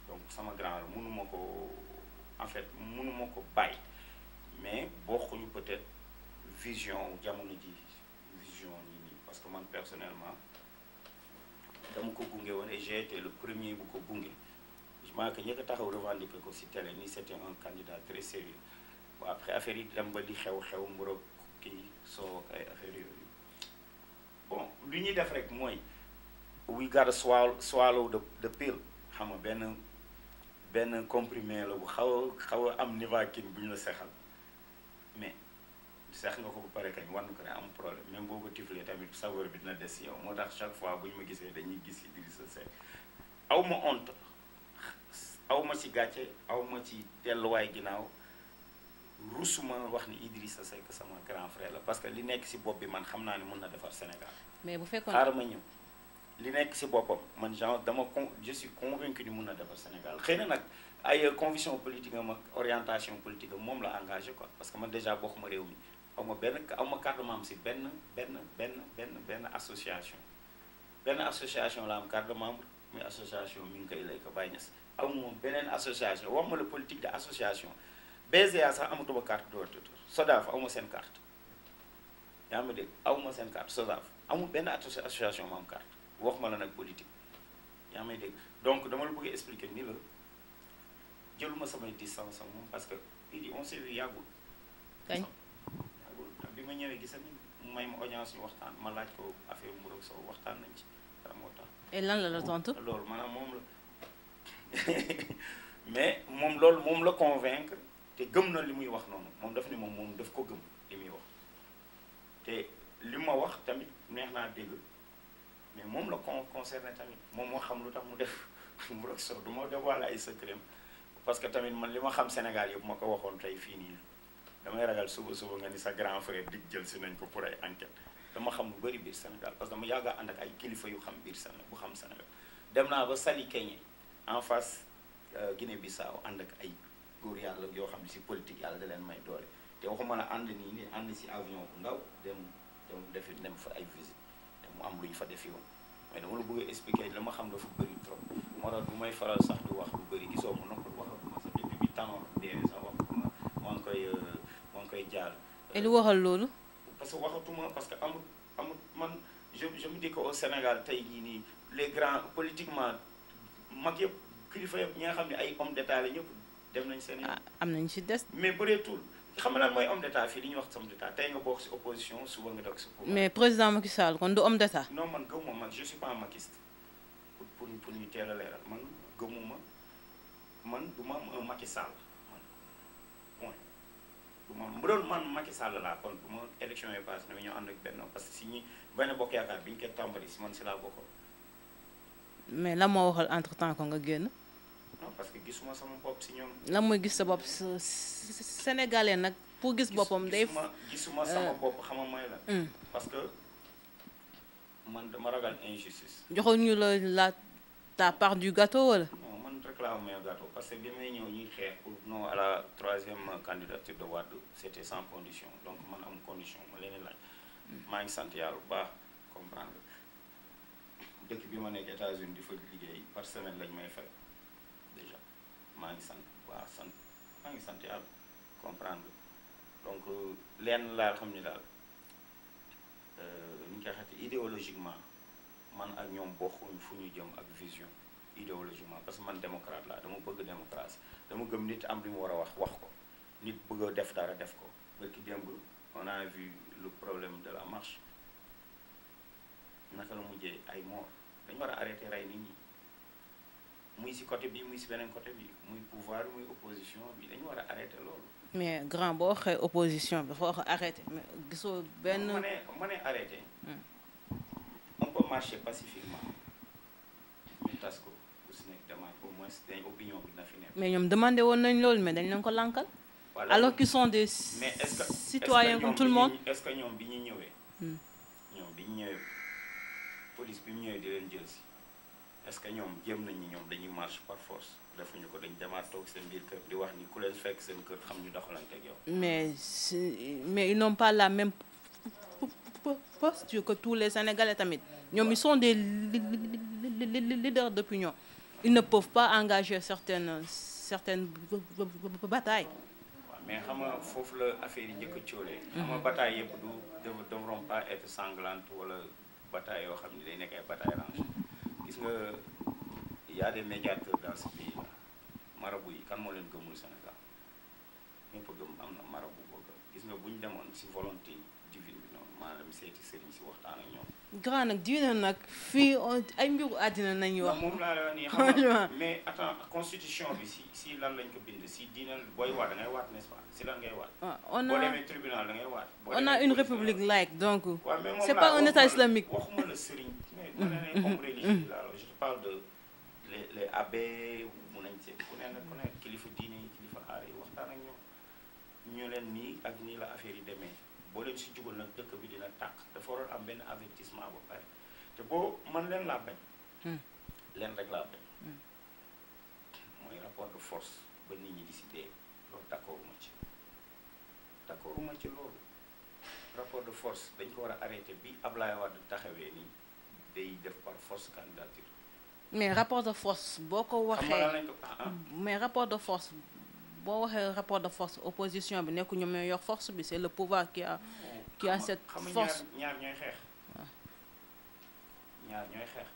donc sama grand mënu ma ko en fait mënu ma ko bàyyi mais bokkuñu peut-être vision jamono ji vision yi parce que man personnellement dama ko gunge woon et j'ai été le premier bu ko gunge maa ko njëkk a taxaw revendiquer ko si télé ni c'était un candidat très sérieux bon après affaire yi dem ba li xew-xew Mburok kii soo ak ay affaire bon lu ñuy def rek mooy we gotta swallow swallow the the pill xam nga benn benn comprimé la bu xaw xaw a am nivaquine bu ñu la seexal mais seex nga ko bu pare kañ wan ko ne am problème même boo ko tiflee tamit saveur bi dina des yow moo tax chaque fois bu ñu ma gisee dañuy gis Idrissa Seck aw ma honte aw ma ci gàcce aw ma ci delluwaay ginnaaw ma wax ni Idrissa sa sama grand frère la parce que li nekk si bopp bi man xam naa ni mun na defar Sénégal. mais bu fekkoon xaaral ma ñëw. li nekk si boppam man genre dama con je suis convaincu ni mun na defar Sénégal xëy na nag ay conviction politique am ak orientation politique moom la engagé quoi parce que man déjà bokkuma réew mi aw ma benn am ma carte membre si benn benn benn benn benn association benn association la am carte membre muy association mi ngi koy lay ko bàyyi ñes aw ma beneen association wax ma la politique de association BCA sax amatuma carte d'identité SODAV aw ma seen carte yaa ma ma seen carte SODAV amul benn association ma am carte wax ma la nag politique yaa may dégg donc dama la bëgg expliquer ni la jëluma samay distance moom parce que lii on s'est vu yàggul. kañ ah, bi ma ñëwee gis nañu may ma audience ñu waxtaan ma laaj ko affaire Mbour ak Sow waxtaan nañ ci moo tax. et lan la la tontu. loolu maanaam moom la mais moom loolu moom la convaincre. te gëm na li muy wax noonu moom daf ne moom moom daf ko gëm li muy wax te li ma wax tamit neex naa dégg mais moom la con concerné tamit moom moo xam lu tax mu def mu rek so du ma dévoilé ay secret parce que tamit man li ma xam Sénégal yëpp ma ko waxoon tey fii nii damay ragal suba suba nga ni sa grand frère dig jël si nañ ko pour ay enquête dama xam lu bëri biir Sénégal parce que dama yàgg a ànd ak ay kilifa yu xam biir Sénégal bu xam Sénégal dem naa ba Sali Keñe en face euh, Guinée Bissau ànd ak ay góor yàlla yoo xam ne si politique yàlla da leen may doole te waxuma la ànd nii ni ànd si avion bu ndaw dem dem defi ay visite mu am lu ñu fa def yoon mais dama la bëgg a expliquer la ma xam dafa bëri trop moo tax bu may faral sax di wax lu bëri gisoo ma noppal waxatuma sax depuis bi temps dee sax wax ma maa ngi koy euh, maa ngi koy jaar et lu waxal loolu parce que waxatuma parce que amul amul man je je me au Sénégal tey jii nii les grands politiquement mag yëpp dem nañ seen ah, am nañ ci des. mais bëreetul xam nga lan mooy homme d'état fii li ñuy wax homme d'état tey nga bokk ci opposition suba nga doog ci pouvoir. mais président Macky Sall pour pour ñu teel leeral man gëmuma man du ma am ma am man Macky Sall laa kon du ma élection yi passé na ñoo ànd ak benn parce que si bokk yaakaar bi ñu koy tàmbali si man si laa bokkoon. mais la moo waxal entre ko nga génn. non parce que gisuma sama bopp si ñoom. lan mooy gis sa bopp sénégalais nag pour gis boppam. day gisuma euh. sama bopp xam nga mooy la. Hmm. parce que man dama ragal injustice. joxoon ñu la la ta part du gâteau wala. non man réclame un parce que bi may ñëw ñuy xeex pour non à la troisième candidature de Wade c' était sans condition donc man am condition ma leen laaj. Hmm. maa ngi sant yàlla bu baax comprendre dëkk bi ma nekk États-Unis di fa liggéey par semaine lañ may fay. maa ngi sant waa sant maa sant yàlla comprendre donc lenn laa xam ni daal euh, ñu koy xate idéologiquement man ak ñoom bokkuñ fu ñu jëm ak vision idéologiquement parce que man démocrate laa dama bëgg démocratie dama gëm nit am di mu war a wax wax ko nit bëgg def dara def ko bërki démb on a vu le problème de la marche naka la mujjee ay mort dañu war a arrêté rey nit ñi muy si côté bi muy si beneen côté bi muy pouvoir muy opposition bi dañu war a arrêté loolu. mais grand boo waxee opposition bi dafa wax arrêté mais gisoo benn. ma ne ma ne arrêté. Hmm. on peut pacifiquement ñu tas ko si nekk demande au moins dañ opinion bi na fi nekk. mais ñoom demande woon nañ loolu mais dañ leen ko lànkal. voilà alors qu'ils sont des. mais est ce que comme tout le monde est ce que ñoom bi ñu ñëwee. Hmm. ñoom bi ñu ñëwee police bi mu ñëwee di leen jël si. est-ce que ñoom jéem nañ ñi ñoom dañuy marche par force defuñu ko dañ demaat toog seen biir kër di wax ni ku leen fekk seen kër xam ñu doxalante ak yow. mais mais ils n'ont pas la même posture que tous les Sénégalais tamit ñoom ils soo des leaders d'opinion ils ne peuvent pas engager certaines certaines batailles. xam nga foofu la affaire yi njëkk a cóolee. yoo xam ne day nekk ay bataille gis nga y a des médiateurs dans ce pays là yi kan moo leen gëmul Sénégal ñëpp gëm am na mara marabu boo gëm gis nga bu ñu demoon si volonté divine bi noonu maanaam seeti sëriñ si waxtaan ak ñoom. grand nag diine nag fii oh, ay mbiru àddina nañu wax. moom laa la wax nii xam mais attends constitution bi si si lan lañ ko bind si diine booy waat da ngay waat nest si lan ngay waat. Ah, on a boo a une république laïque donc. c'est pas un état islamique. waxuma la sëriñ mais ku ne homme religieux la je parle de les les abbés nañ seet ku ne ku ne kilifa diine yi kilifa aar yi waxtaan ak ñoom ñu leen nii ak nii la affaire yi demee. boo leen si jugul nag dëkk bi dina tàkk dafa waroon am benn avertissement ba pare te boo man leen laa bañ. Hmm. leen rek laa bañ. Hmm. mooy rapport de force ba nit ñi di si dee loolu d'accord ma ci d'accord ci loolu rapport de force dañ ko war a arrêté bi Ablaye Wade taxawee nii day def par force candidature. mais rapport de force boo ko waxee ah, ah. mais rapport de force. boo waxee rapport de force opposition bi nekku ñoom ñooy yor force bi c'est le pouvoir ki a qui a cette force ñaar ñooy xeex ñaar ñooy xeex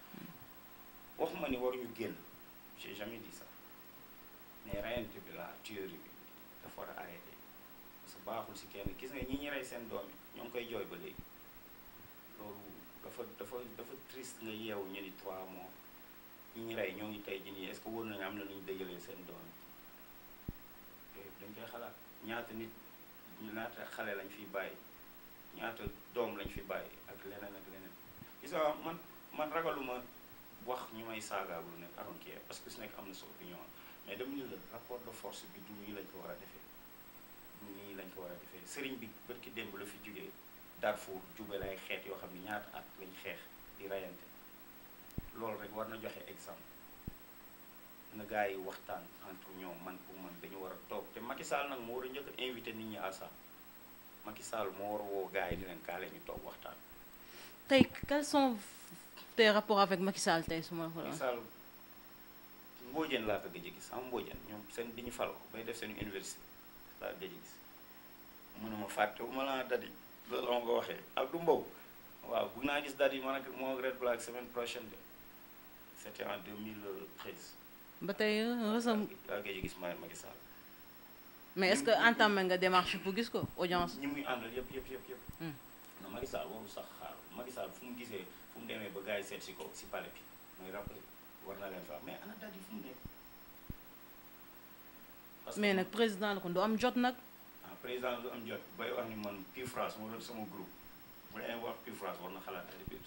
waxuma ni waruñu génn j'ai jamais dit ça mais reyante bi la tuerie bi dafa war a arrêté parce que baaxul si kenn gis nga ñi ñi rey seen doom yi ñoo ngi koy jooy ba léegi loolu dafa dafa dafa triste nga yeewu ñu ni trois mois ñi ñi rey ñoo ngi tey ji nii est-ce nañu am na lu ñu dëjalee seen doom yi dañ koy xalaat ñaata nit ñaata xale lañ fi bàyyi ñaata doom lañ fi bàyyi ak leneen ak leneen gis man man ragaluma wax ñu may saagaab lu nekk parce que su nekk am na sa opinion mais dama ni la rapport de force bi du lañ ko war a defee du lañ ko war a defee sëriñ bi ki démb la fi jógee Darfour jubal ay xeet yoo xam ne ñaata at lañ xeex di rayante loolu rek war na joxe exemple na gars yi waxtaan entre ñoom man pour man dañu war a toog te Macky Sall nag moo war a njëkk invité nit ñi à ça Macky Sall moo war a woo gars yi di leen kaale ñu toog waxtaan. tey quels sont tes rapports avec Macky Sall tey su la ko Macky Sall laa ko gëj gis am mboojeen ñoom seen bi ñu falo bay def seen université laa gëj a gis mënuma fàttewuma laa dadi loolu ma ko waxee ak du mbow waaw bëgg naa gis dadi man ak moo Red Black semaine prochaine de c'était en 2013 ba tey resem. daa ngay gis Macky Sall. mais est-ce que entamé nga démarche pour gis ko audience. ñi muy àndal yëpp yëpp yëpp yëpp. non Macky warul sax xaar Macky fu mu gisee fu mu demee ba gars yi seet si ko si palais bi mooy rappel war na leen fa mais ana daal fu mu nekk. parce que mais nag président la kon am jot nag. ah président du am jot bay wax ni man Pii France moo sama group bu la wax Pii France war na xalaat depuis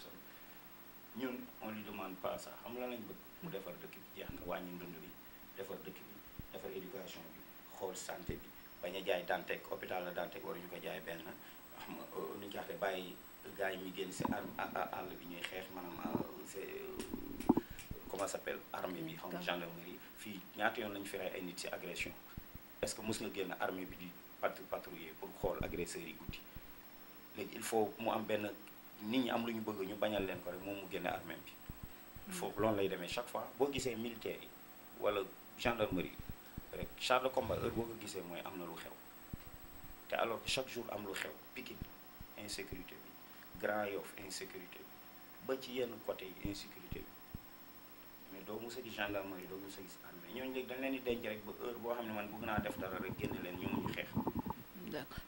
ñun on lui demande pas ça xam la lañ mu defar dëkk bi jeex na wàññi ndund bi defar dëkk bi defar éducation bi xool santé bi bañ a jaay Dantec hôpital la Dantec waruñu ko jaay benn xam nga euh, nu ñu ko waxee bàyyi gars yi ñu génn si àll bi ñuy xeex maanaam euh, c'est euh, comment s'appelle armée bi xam nga gendarmerie fii ñaata yoon lañu fi rey ay nit si agression est-ce que mës nga génn armée bi di pat patrouiller pour xool agresseurs yi guddi il faut mu am benn nit ñi am lu ñu bëgg ñu bañal leen ko rek moom mu génne armée bi foofu loolu lay demee chaque fois boo gisee militaires yi wala gendarmerie yi rek char boo ko gisee mooy am na lu xew te alors chaque jour am lu xew Pikine insécurité bi Grand Yoff insécurité bi ba ci yenn côté yi insécurité bi mais doo mos a gis gendarmerie doo mos a gis armée ñooñu léegi dañ leen di denc rek ba heure boo xam ne man bugg naa def dara rek génn leen ñu muñu xeex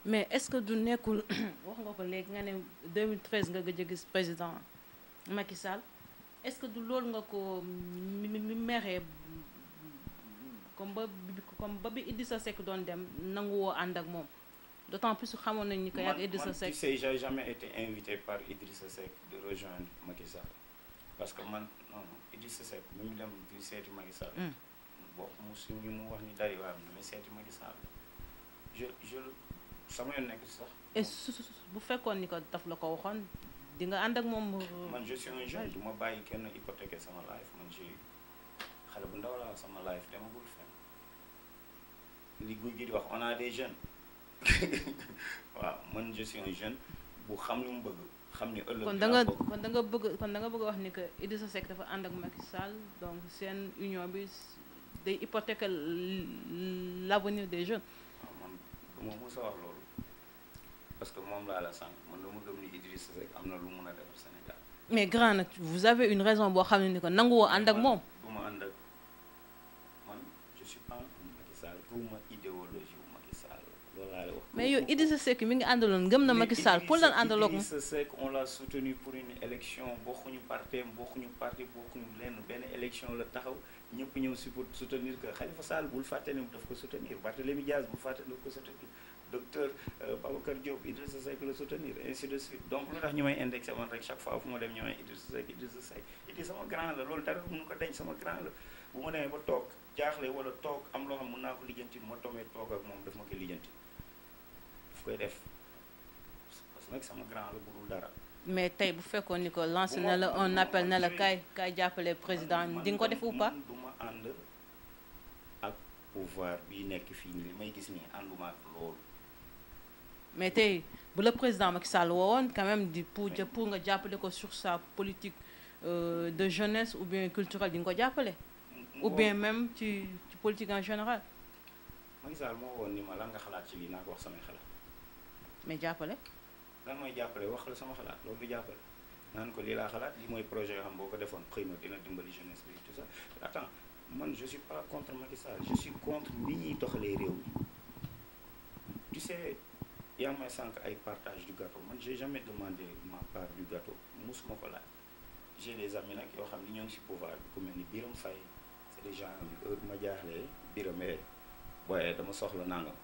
mais est-ce que du nekkul wax nga ko léegi nga ne 2013 nga gëj a gis président Macky est-ce que du loolu nga ko mm, meree comme ba comme ba bi Idrissa Seck doon dem nangu woo ànd ak moom d'autant plus xamoon nañ ni ko yàgg Idrissa Seck man tu par Idrissa Seck rejoindre Macky Sall parce que man non Idrissa Seck bi mu dem di seeti Macky Sall hmm. bokk mu suñu mu wax ni dari waayam seeti Macky Sall je je sama yoon nekk sax bu fekkoon ni ko daf la ko waxoon di ànd ak moom. Euh, man je suis jeune du ma bàyyi kenn hypothéquer sama life man je xale bu ndaw laa sama life demagul fenn li guy gi di wax on a des jeunes waaw man je suis un jeune bu xam lu mu bëgg xam ni ëllëg. kon da nga da nga bëgg kon da nga bëgg wax ni que Idrissa Seck dafa ànd ak Macky Sall donc seen union bi day hypothéquer l'avenir des jeunes. waaw man du ma a wax loolu. parce que moom laa la sànq man dama gëm ni Idrissa Seck am na lu mun a defar Sénégal. mais grand nag vous avez une raison boo xam ne ni ko nanguwoo ànd ak moom. bu ma ànd ak man je suis pas Macky Sall pour ma idéologie wu Macky Sall loolu laa la wax. mais yow Idrissa Seck mi ngi àndaloon gëm na Macky Sall pour lan àndaloon. Idrissa on l'a benn élection la taxaw. ñëpp ñëw si pour soutenir que Khalifa Sall bul fàtte daf ko soutenir Barthélémy Diaz bul fàtte daf ko soutenir docteur euh, Babacar Diop Idrissa Seck le soutenir ainsi de suite donc lu tax ñu may indexé woon rek chaque fois fu ma dem ñu may Idrissa Seck Idrissa Seck idi sama grand la loolu dara mënu ko denc sama grand la bu ma demee ba toog jaaxle wala toog am loo xam mën naa ko lijjanti ma tomee toog ak moom daf ma koy lijjanti daf koy def parce que nag sama grand la bu dul dara mais tey bu fekkoon ni ko lancé na la un appel na la kaay kaay jàppale président di nga ko def ou pas du ma ànd ak pouvoir bii nekk fii nii li may gis nii ànduma ak loolu mais tey bu la président Macky Sall woowoon quand même di pour pour nga jàppale ko sur sa politique euh, de jeunesse ou bien culturelle di nga ko jàppale. Mm-hmm. ou bien même ci ci politique en général. Macky moo woon ni ma lan nga xalaat ci lii naa ko wax samay xalaat. mais jàppale. lan mooy jàppale wax la sama xalaat loolu du jàppale. naan ko lii laa xalaat lii mooy projet yoo boo ko defoon xëy na dina dimbali jeunesse bi tout ça attends man je suis pas contre Macky Sall réew yaa may sànq ay partage du gâteau man j'ai jamais demandé ma part du gâteau musuma ko laaj j'ai des amis nag yoo xam ni ñoo ngi si pouvoir bi ku mel ni Biram Faye c'est des gens heure bu ma jaaxlee Biram eh, waaye dama soxla nangam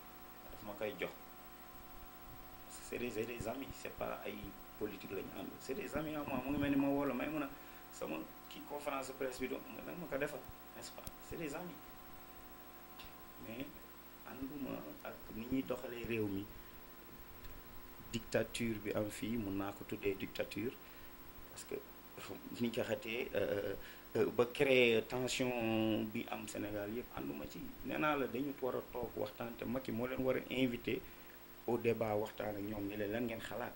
ma koy jox parce que c'est des c'est des amis c'est pas ay politique la ñu ànd c'est des amis à moi mu ngi mel ni ma woo la may mun a sama kii conférence de presse bi doon nga ma ko defal n'est-ce pas c'est des amis mais ànduma ak ni ñuy doxalee réew mi dictature bi am fii mun naa ko tuddee dictature parce que ni ñu xatee euh, euh, euh, ba créer tension bi am Sénégal yëpp ànduma ci nee naa la dañu war a toog waxtaan te Macky moo leen war a invité au débat waxtaan ak ñoom ni leen lan ngeen xalaat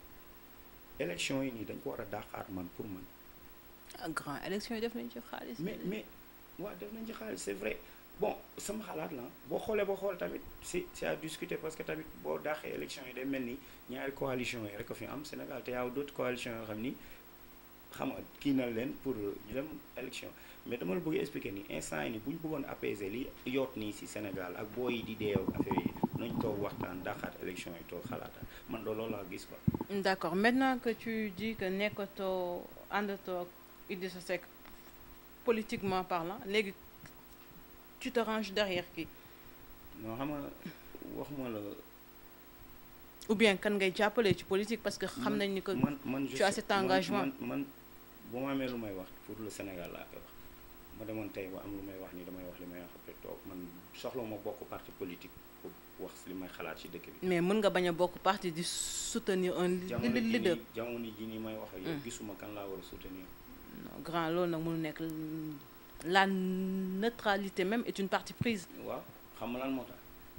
élection yi nii dañ ko war a daaxaat man pour man. Ah, grand élection yi def nañ ci xaalis. mais mais waaw def nañ ci xaalis c'est vrai. bon sama xalaat la boo xoolee ba xool tamit si c'est à discuter parce que tamit boo daaxee élection yi de mel ni ñaari coalition yi rek fi am Sénégal te yaaw d'autres coalition yoo xam ni xam nga kii na leen pour dem élection mais dama la bëgg expliquer ni instant yi ni bu ñu bëggoon apaiser li yoot nii si Sénégal ak boo yi di deew affaire yi nañ toog waxtaan daxaat élection yi toog xalaata man loolu laa gis quoi. d'accord maintenant que tu dis que nekkatoo àndatoo ak Idrissa Seck politiquement parlant léegi. tu te ranges derrière moo non xam nga ma la. ou bien kan ngay jàppale ci politique parce que. xam nañ ni que man man tu as engagement man man bu ma amee lu may wax pour le Sénégal laa koy wax ma demoon tey ba am lu may wax nii damay wax li may wax après toog man soxla ma bokk parti politique pour wax li may xalaat ci dëkk bi. mais mën nga bañ a bokk parti di soutenir un. leader jamono ji nii may wax ak yow hmm. gisuma kan laa war a soutenir. grand loolu nag mënu la neutralité même est une partie prise. waaw xam nga lan moo tax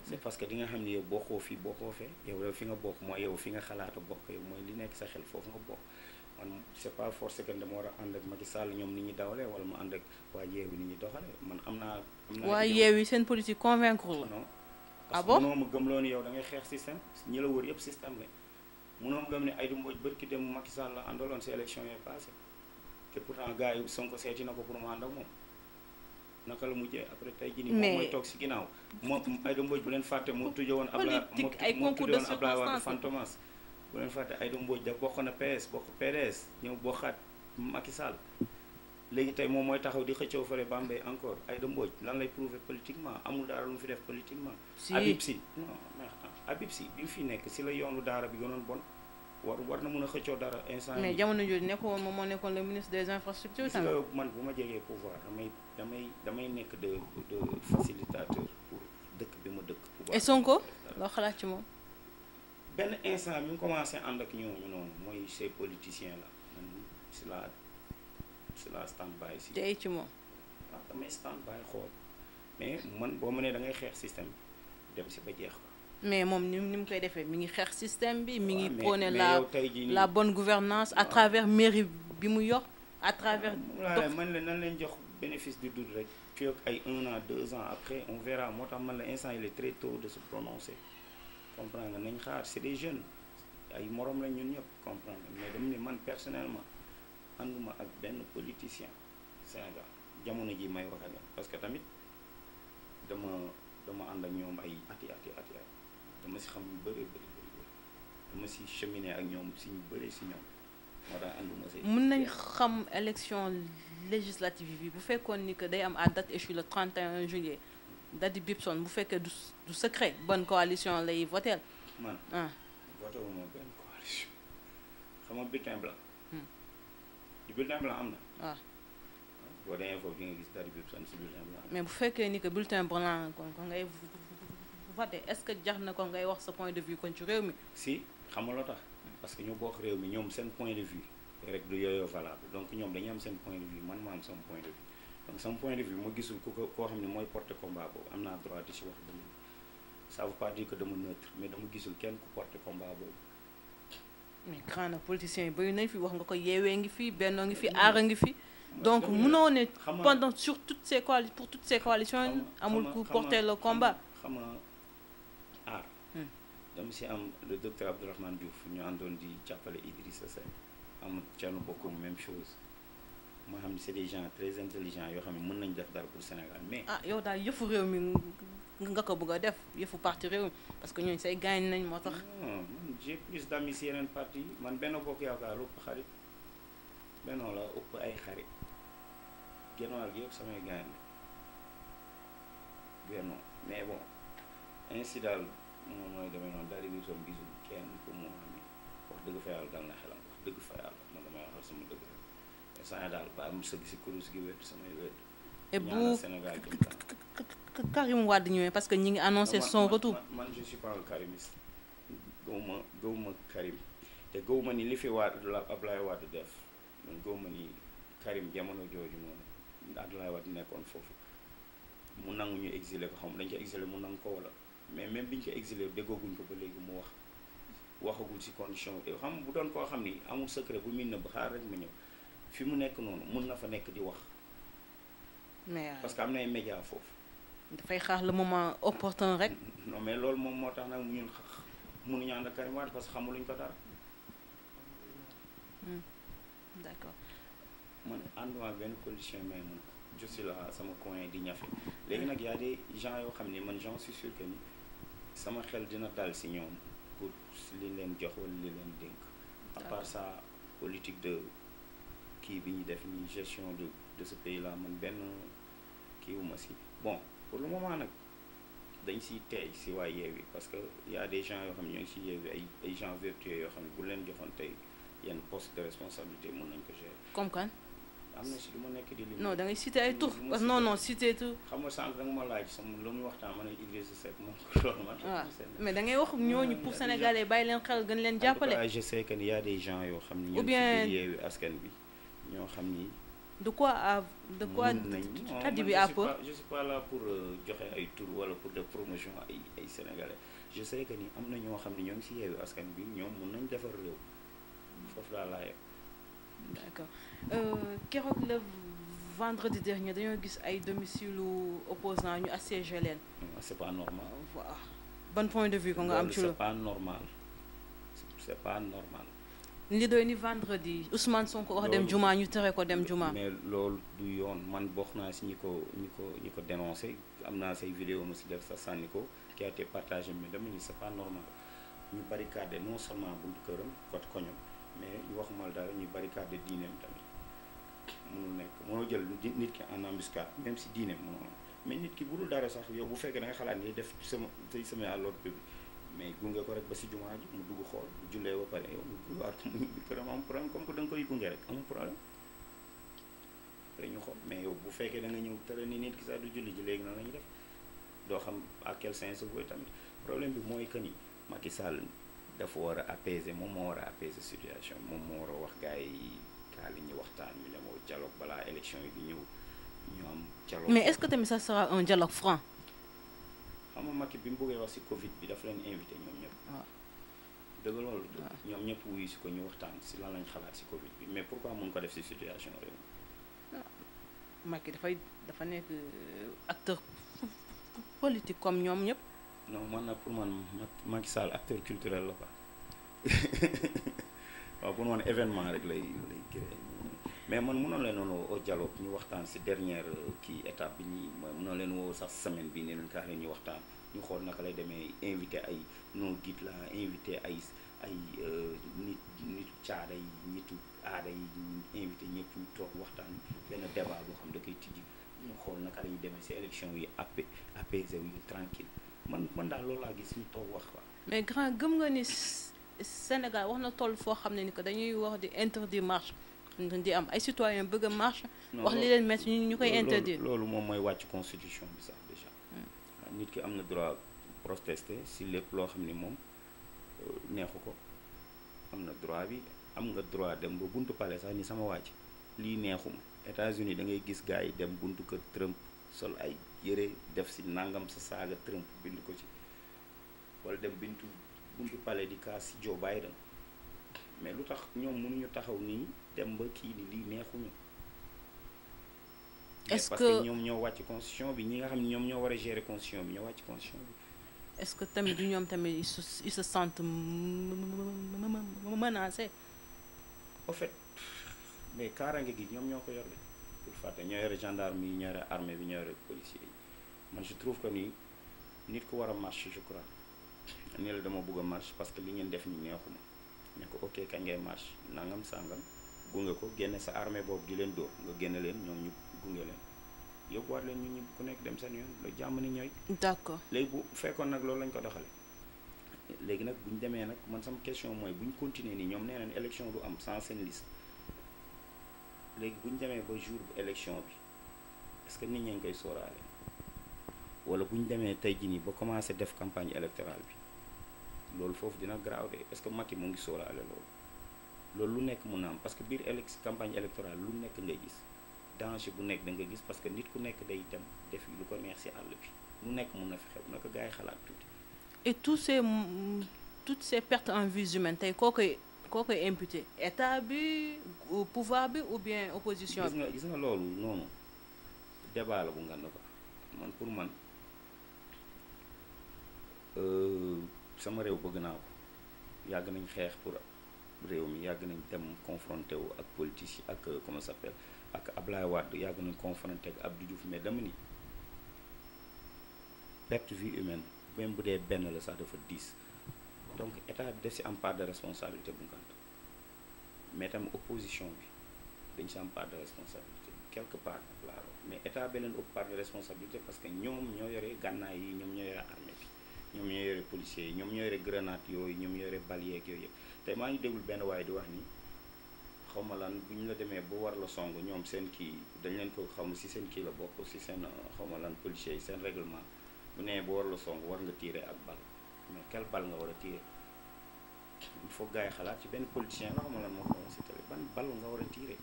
c'est parce que di nga xam ne yow bokkoo fii bokkoo fee yow fi nga bokk mooy yow fi nga xalaata bokk yow mooy li nekk sa xel foofu nga bokk man c'est pas forcé que dama war a ànd ak Macky Sall ñoom ni ñuy dawalee wala mu ànd ak waa Yewwi ni ñuy doxalee man am naa. am naa waa Yewwi seen politique convaincre la. aboo ah parce ma gëmloo ni yow da ngay xeex système ñi la wër yëpp système la mënoo ma gëm ne Aïda Mbodj barki dem Macky Sall la àndaloon si élection yi passé te pourtant gars yi Sonko seeti na ko pour mu ànd moom. naka la mujjee après tey jii nii moom mooy toog si ginnaaw moom Aïda Mbodj bu leen fàtte moo tujjee woon Abla moo tujjee woon Abla Wade Fantomas bu leen fàtte Aïda Mbodj da bokk na PS bokk PDS ñëw bokkaat makki Sall léegi tey moom mooy taxaw di xëccoo fële Bambey encore Aïda Mbodj lan lay prouver politiquement amul dara lu mu fi def politiquement Habib Sy non Habib Sy bi mu fi nekk si la yoonu daara bi gënoon bon war war na mun a xëccoo dara instant mais jamono jooju nekkoon moom moo nekkoon le ministre des infrastructures tamit man bu ma jegee pouvoir damay damay nekk de de facilitateur pour dëkk bi ma dëkk et Sonko loo xalaat ci moom benn instant bi mu commencé ànd ak ñooñu noonu mooy ces politiciens la man si la si la stand by si tey ci moom waaw ah, damay stand xool mais man boo ma nee da ngay xeex système dem si ba jeex ko mais moom ni ni mu koy defee mi ngi xeex système bi mi ngi prôné la la bonne gouvernance à travers mairie bi mu yor à travers man la nan lañ jox bénéfice du doute rek fii ak ay un an deux ans après moo tax man la instant il est très tôt de se prononcer comprendre nga nañ xaar c'est des jeunes ay morom la ñun ñëpp comprendre mais dama ne man personnellement ànduma ak benn politicien Sénégal jamono ji may wax ak parce que tamit dama dama ànd ak ñoom ay ati ati ati dama si xam ñu bëree bëri bëri dama si cheminer ak ñoom si ñu bëree si ñoom moo tax ànduma mën nañ xam élection législative bi bu fekkoon ni que day am à date échue le 31 juillet date bi bu fekkee du du secret bonne coalition lay voté. man ah. voté wu ma benn coalition xam nga bulletin blanc. Hmm. Ah. gis bu fekkee ni que bulletin blanc kon kon ngay. voté est-ce que jax na ko ngay wax sa point de vue kon ci réew mi. si xam nga tax parce que ñu bokk réew mi ñoom seen point de vue rek du yooyoo valable donc ñoom dañu am seen point de vue man ma am sama point de vue donc sama point de vue mais dama gisul kenn ku porté combat boobu. mais grand na politiciens yi bëri nañ fi wax nga ko yeewee ngi fi bennoo ngi fi mm. aara ngi fi. donc mënoo ne pendant sur toutes ces pour toutes ces amul ku porter dama si am le docteur Abdourahmane Diouf ñu àndoon di jàppale am Thierno Bocoum même chose moo xam ne c'est des gens très intelligents yoo xam ne mën nañu def dara pour mais. ah yow daal yëfu réew mi nga ko bëgg a def yëfu parti réew mi parce que ñooñ say gaañ nañ moo tax. non man j'ai plus d'amis si yeneen parti man benn bokk yaakaar lu ëpp xarit bennoo la ëpp ay xarit genn-wàll gi yëpp samay gaañ la mais bon ainsi daal. moom mooy demee noonu daal di wiy soom gisul kenn ku mu xam wax dëgg fa yàlla dal na xelam wax dëgg fa yàlla man damay waxal sama dëgg rek mais saa daal ba am sëgg si kurus gi wet samay wet. ñaanal Sénégal ñëwee parce que ñi ngi annoncé son retour. man je suis pas un karimiste gëwuma ni li fi def man ni Karim jamono jooju noonu Ablaye Wade nekkoon foofu mu nangu ñu exilé ko xam dañ ko exilé mu nangu ko wala. mais même bi ñu ko exilé déggooguñ ko ba léegi mu wax waxagul si condition bi xam bu doon koo xam ni amul secret bu muy nëbb xaar rek ma ñëw fi mu nekk noonu mun na fa nekk di wax. mais euh, parce que am na ay foofu. dafay xaar le moment opportun rek. mais loolu moom moo tax nag ñun mënuñu ànd ak Karim Wade parce que xamuluñ ko dara. Hmm. d' accord. man ànduma benn condition mais man je suis là sama coin di ñafe léegi nag y a des gens yoo xam ne man j'en suis sûr que ni. sama xel dina dal si ñoom pour li leen jox wala li leen dénk à part politique de kii bi ñu def ni gestion de de ce pays là man benn kiiwuma si bon pour le moment nag dañ siy teey si waa Yewwi parce que y a des gens yoo xam ne ñoo ngi si Yewwi ay ay gens vertueux yoo xam ne bu leen joxoon tey yenn poste de responsabilité mën nañ ko gérer comme am na si lu ma nekk di non da ngay cité ay tur non non cité tur. xam nga sànq da nga ma laaj sama lu muy waxtaan ma ne Idrissa Seck moom loolu man. waaw ah, mais da ngay wax ñooñu pour ah, sénégalais bàyyi leen xel gën leen jàppale. en je sais que y a des yoo xam ni. ou bien yeewi askan bi ñoo xam ni. de quoi à de quoi tàddi bi à peu je suis pas là pour euh, joxe ay tur wala pour de promotion ay ay sénégalais je sais que ni am na ñoo xam ne ñoo ngi si yeewi askan bi ñoom mun nañ defar réew foofu laa laajee. d' accord euh, keroog la vendredi dernier dañoo gis ay domicile opposant ñu assiégé leen. c' est pas normal. waaw ban point de vue ko nga am. ci loolu c' pas normal c' est pas normal. li doy ni vendredi Ousmane Sonko wax dem juma ñu tere ko dem juma. mais loolu du yoon man bokk naa si ñi ko ñi ko ñi ko dénoncé am naa say vidéo ma si def sa sànni ko qui a été partagé mais dama ni c' pas normal ñu barricade non seulement buntu këram côté koñam. mais waxuma la dara ñuy barricade diineem tamit mënul nekk mënoo jël lu nit ki en embuscade même si diineem mënoo mais nit ki bu dul dara sax yow bu fekkee da xalaat ngay def sama say seme à mais gunge ko rek ba si jumaa ji mu dugg xool bu jullee ba pare yow mu gungewaat ko mu koy gunge rek amul mais yow bu fekkee da nga ñëw tëral ni nit ki sax du julli ji léegi na la def doo xam ak quel sens sa tamit problème bi mooy que ni Macky Sall dafa war a apaiser moom moo war a apaiser situation moom moo war a wax gars yi kaa li ñu waxtaan ñu moo dialogue balaa élection yi di ñëw ñoom am mais est-ce que tamit ça sera un dialogue franc xam nga Macky bi mu bëggee wax ci Covid bi dafa leen invité ñoom ñëpp ah. dëgg loolu ah. ñoom ñëpp wuyu ko ñu waxtaan ci lan lañ xalaat ci Covid bi mais pourquoi mun ko def ci situation réew Macky dafay dafa nekk acteur comme ñoom ñëpp non man nag pour man Macky Sall acteur culturel la quoi waaw pour man événement rek lay lay créé mais man mënoon leen woon jaloo dialogue ñu waxtaan si dernière euh, kii étape bi ñuy mooy mënoon leen woo sax semaine bi ne leen ñu waxtaan ñu xool naka lay demee invité ay non guide la invité ay ay euh, nit nitu caada yi nitu aada yi invité ñëpp ñu toog waxtaan benn débat boo xam da koy tijji ñu xool naka la ñuy demee si élection yi apaisé wu ñu tranquille man man daal loolu laa gis ñu toog wax mais grand gëm nga ni Sénégal wax na toll foo xam ne ni ko dañuy wax di interdire marche di am ay citoyen bëgg a marche. wax li leen métti ñu koy interdire. loolu moom mooy wàcc constitution bi sax déjà. Hmm. nit ki am na droit protester si lépp loo xam ni moom euh, neexu ko am na droit bi am nga droit dem ba buntu pale sax ni sama wàcc lii neexuma États-Unis da ngay gis gars yi dem buntu kër Trump sol ay. yëre def si nangam sa saaga Trump bind ko ci wala dem bintu buntu palais di kaas si Joe Biden mais lu tax ñoom mënuñu taxaw nii dem ba kii ni lii neexuñu est-ce que parce que ñoom ñoo wàcc constitution bi ñi nga xam ne ñoom ñoo war a gérer constitution bi ñoo wàcc constitution bi est-ce que tamit du ñoom tamit ils se ils se sentent menacés. au fait mais kaaraange gi ñoom ñoo ko yor de bul fàtte ñoo yore gendarme yi ñoo yore armée bi ñoo yore policier yi man je trouve que nii nit ku war a marche je crois ni la dama bëgg a marche parce que li ngeen def ni neexuma ne ko ok kañ ngay marche nangam sàngam gunge ko génne sa armée boobu di leen dóor nga génne leen ñoom ñu gunge leen yóbbuwaat leen ñu ñëpp ku nekk dem seen yoon lu jàmm ni ñooy. d'accord léegi bu fekkoon nag loolu lañ ko doxale léegi nag bu ñu demee nag man sama question mooy bu ñu continuer nii ñoom nee nañ élection am sans seen léegi bu ñu demee ba jour bu élection bi est nit ñaa koy sóoraale wala bu ñu demee tey jii nii ba commencé def campagne électorale bi loolu foofu dina grave de est-ce que Macky mu ngi sóoraale loolu loolu lu nekk mun na am parce que biir élec campagne électorale lu nekk ngay gis danger bu nekk da nga gis parce que nit ku nekk day dem def lu ko neex si àll bi lu nekk mun na fi xew na ko gars yi xalaat tuuti. et tous ces toutes ces pertes en vies humaines tey koo koy imputé état bi pouvoir bi ou bien opposition bi. gis nga gis nga loolu noonu débat la bu ngand ko man pour man euh, sama réew bëgg naa ko yàgg nañ xeex pour réew mi yàgg nañ dem confronté ak politique ak euh, comment ça s'appelle ak Ablaye Wade yàgg nañ confronté ak Abdou Diouf mais dama ni perte vie humaine bu dee benn la sax dafa diis. donc état bi def si am part de responsabilité bu ngant mais tam opposition bi dañ si am part de responsabilité quelque part nag laa mais état beneen leen ëpp part de responsabilité parce que ñoom ñoo yore gànnaay yi ñoom ñoo yore armée bi ñoom ñoo yore policiers yi ñoom ñoo yore grenade yooyu ñoom ñoo yore balier ak yooyu yëpp tey maa ngi déglu benn waaye di wax ni xaw ma lan bu ñu la demee bu war la song ñoom seen kii dañ leen ko xaw si seen kii la bokk si seen xaw ma lan policiers seen règlement bu nee bu war war tiire ak bal il faut gars yi xalaat ci benn politicien la xam lan moo ko woon si télé ban balu nga war a tiire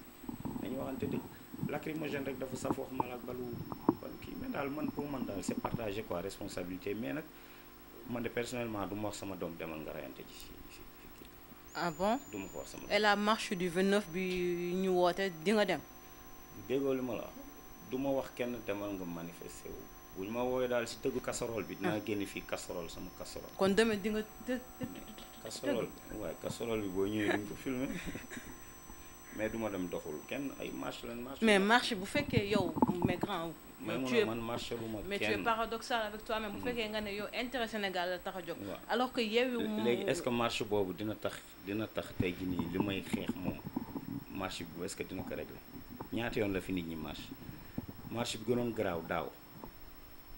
dañu waxante dëgg lacrymogène rek dafa saf wax ma la balu balu kii mais daal man pour man daal c'est partagé quoi mais nag man de personnellement ma wax sama doom demal nga rayante ci si si ah bon ma ko wax sama et la marche du 29 bi ñu woote di nga dem déggoo ma du ma wax kenn demal nga manifester wu buñ ma woowee daal si tëggu casserole bi dinaa ah. génn fii casserole sama casserole kon demee di nga casserole waaye casserole bi boo ñëwee duñ ko filmer mais duma dem doxul kenn ay marche lañ marche mais marche bu fekkee yow mais grand mais man marché lu ma mais tu es paradoxal avec toi mm. nga ne yow intérêt Sénégal tax a jóg alors que yeewu ce que marche boobu dina tax dina tax tey jii nii li may xeex moom marche bi est dina ko régler ñaata yoon la fi nit ñi marche marche bi gënoon graw daaw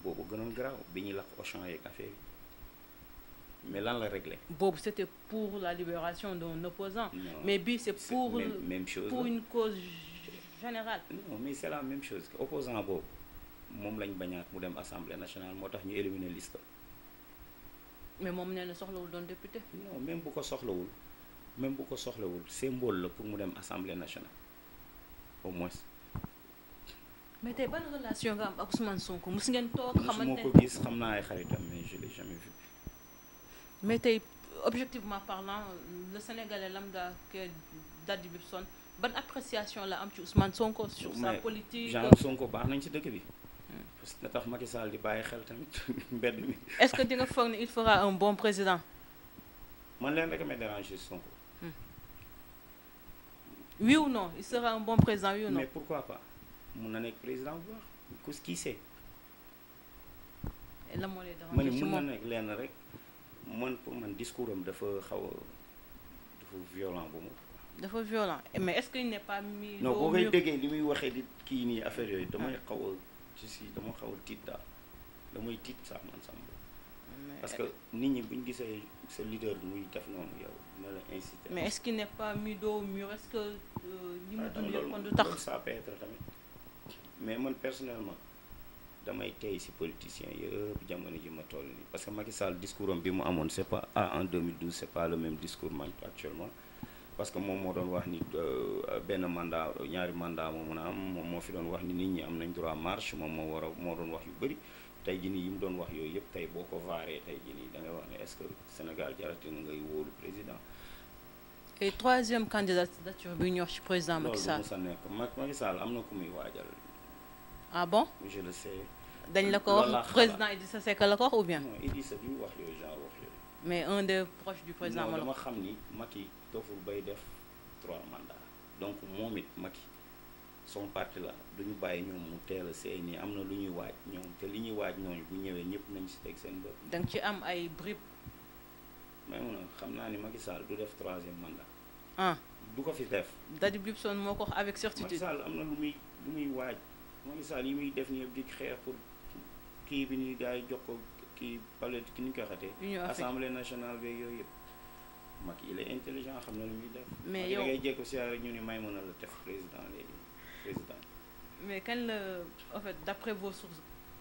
boobu gënoon garaaw bi ñuy lakk Auchan yeeg affaire mais lan la réglé. boobu c' était pour la libération d'un opposant non. mais bii c' est pour même, même chose pour une cause générale. non mais c' est la même chose opposant boobu moom lañ bañaat mu dem assemblée nationale moo tax ñu éliminer liste mais moom nee na soxlawul doon député. non même bu ko soxlawul même bu ko soxlawul symbole la pour mu dem assemblée nationale au moins. mais tey ban relation nga am ak Ousmane Sonko mos ngeen toog. xamante ne mosuma ko gis xam naa ay xaritam mais je mais tey objectivement parlant le sénégalais lambda que Dadi Bibson ban appréciation la am ci Ousmane Sonko. sur sa politique genre Sonko baax nañ ci dëkk bi. Hmm. parce que na tax Macky Sall di bàyyi xel tamit mbedd mi. est-ce que di nga foog ne il fera un bon président. man leen rek may déranger Sonko. Hmm. oui ou non il sera un bon président oui ou non. mais pourquoi pas mun na nekk président bu baax ku kii see. lan moo lay déranger ci moom ma ne mun lenn rek. man pour man discours am dafa xaw a dafa violent bu mu. dafa violent mais est-ce qu'il n'est pas mis. non boo koy déggee li muy waxee di kii nii affaire yooyu damay ah. xaw a je dama xaw a tiit daal damay tiit sax man sama bopp. parce que nit ñi buñ ñu gisee sa leader muy def noonu yow dina mais est-ce qu'il n'est pas mis dos au mur que. li ma dund yëpp kon du tax ça peut tamit mais man personnellement. damay tey si politiciens yëpp jamono ji ma toll nii parce que Macky Sall discours bi mu amoon c'est pas ah en 2012 c'est pas le même discours man actuellement parce que moom moo doon wax ni euh, benn mandat ñaari mandat moo mun a am moom moo fi doon wax ni nit ñi am nañ droit marche moom moo war moo doon wax yu bëri tey jii nii yi mu doon wax yooyu yëpp tey boo ko vaaree tey jii nii da ngay wax ne est-ce que Sénégal jaratina ngay wóolu président. et troisième candidature bi ñu wax ci président Macky Sall loolu Macky Sall am na ku muy waajal. ah bon je le sais. dañ la ko wax président Idrissa sa la ko wax ou bien. non Idrissa bi wax yooyu genre wax yooyu. mais un des proches du président. ma dama xam ni Macky doful bay def trois donc moom it Macky son parti la duñu bàyyi ñoom mu teel a seey nii am na lu ñuy waaj ñoom te li ñuy waaj ñooñu bu ñëwee ñëpp nañ si seen bopp. da am ay bribes. xam naa ni Macky Sall du def troisième mandat. ah du ko fi def. Dadi son moo ko wax avec certitude. Macky am na lu muy lu muy waaj. Macky Sall yi muy def nii yëpp di xeex pour kii bi nii gars yi jox ko kii palette ki ñu ko xatee. assemblée nationale beeg yooyu yëpp. Macky il est intelligent xam na lu muy def. mais yow da ngay jékku si ñu ni may mën a la def président léegi président. mais kan la en fait d'après vos sources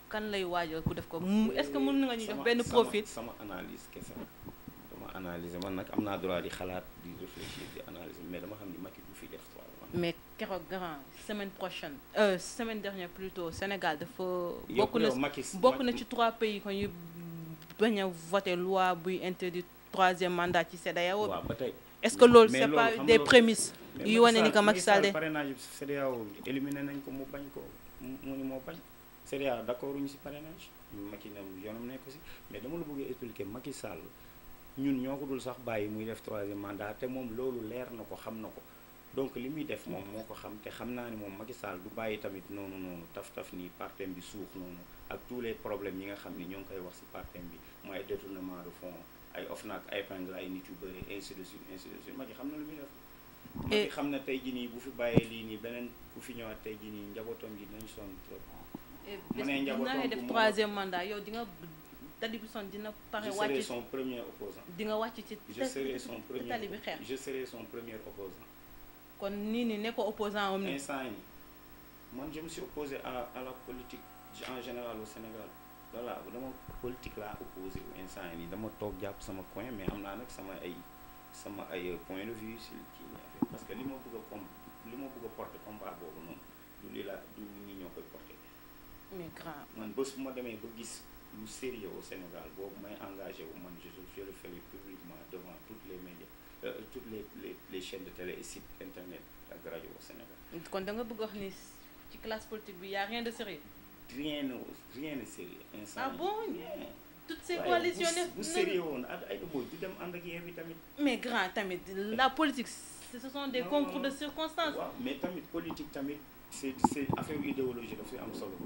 kan lay waajal ku def ko est-ce que mën nga ñu jox benn profit sama analyse kese dama analyser man nag am naa droit di xalaat di réfléchir di analyser mais dama xam ni mais keroog grand semaine prochaine euh, semaine dernière plutôt Sénégal dafa. bokk na bokk na ci trois pays ko ñu bañ a voté loi buy interdit troisième mandat ci CEDEAO. waaw ba est-ce que loolu c'est pas des prémices. yu wane ni que Macky Sall de parrainage CEDEAO éliminé nañ ko mu bañ ko mu ñu moo bañ CEDEAO d'accord ñu si parrainage Macky na yoonam nekk si mais dama la bëggee expliquer Macky Sall ñun ñoo ko dul sax bàyyi muy def troisième mandat te moom loolu leer na ko xam na ko. donc li muy def moom moo ko xam te xam naa ne moom Macky Sall du bàyyi tamit noonu noonu taf-taf nii partem bi suux noonu ak tous les problèmes yi nga xam ni ñoo ngi koy wax si partem bi mooy ay détournement de fonds ay OFNAC ay épingle ay nit yu bëri ainsi de suite ainsi xam na lu muy def Macky xam na tey jii nii bu fi bàyyee lii nii beneen ku fi ñëwaat tey jii nii njabootam gi nañ sonn trop mu ne njabootam def troisième mandat yow di nga tali bi son dina pare wàcc je son premier opposant di nga wàcc ci tali bi xeex je serai son premier opposant kon nii ni ne ko opposant am. instant yi man je si suis opposé à à la politique en général au Sénégal voilà dama politique la opposé wu instant yi nii dama toog jàpp sama coin mais am naa nag sama ay sama ay point de vi si kii affaire parce que li ma bëgg a com li ma bëgg a porter combat boobu noonu du li la du ñi koy porter. mais grand man bés bu ma demee ba gis. lu sérieux au Sénégal boobu may engagé wu man je je le fais publiquement devant toutes les médias Euh, toutes les les les chaînes de télé et sites internet ak rajo au Sénégal. Mm, kon da nga bëgg wax ni ci classe politique bi y' a rien de sérieux. rien ne rien de sérieux. instant ah bon toutes ces coalitions ne bu sérieux woon ak ay booy du dem ànd ak Yewwi tamit. mais grand tamit la politique ce sont des concours de circonstances. waaw mais tamit politique tamit. si affaire idéologie daf si am solo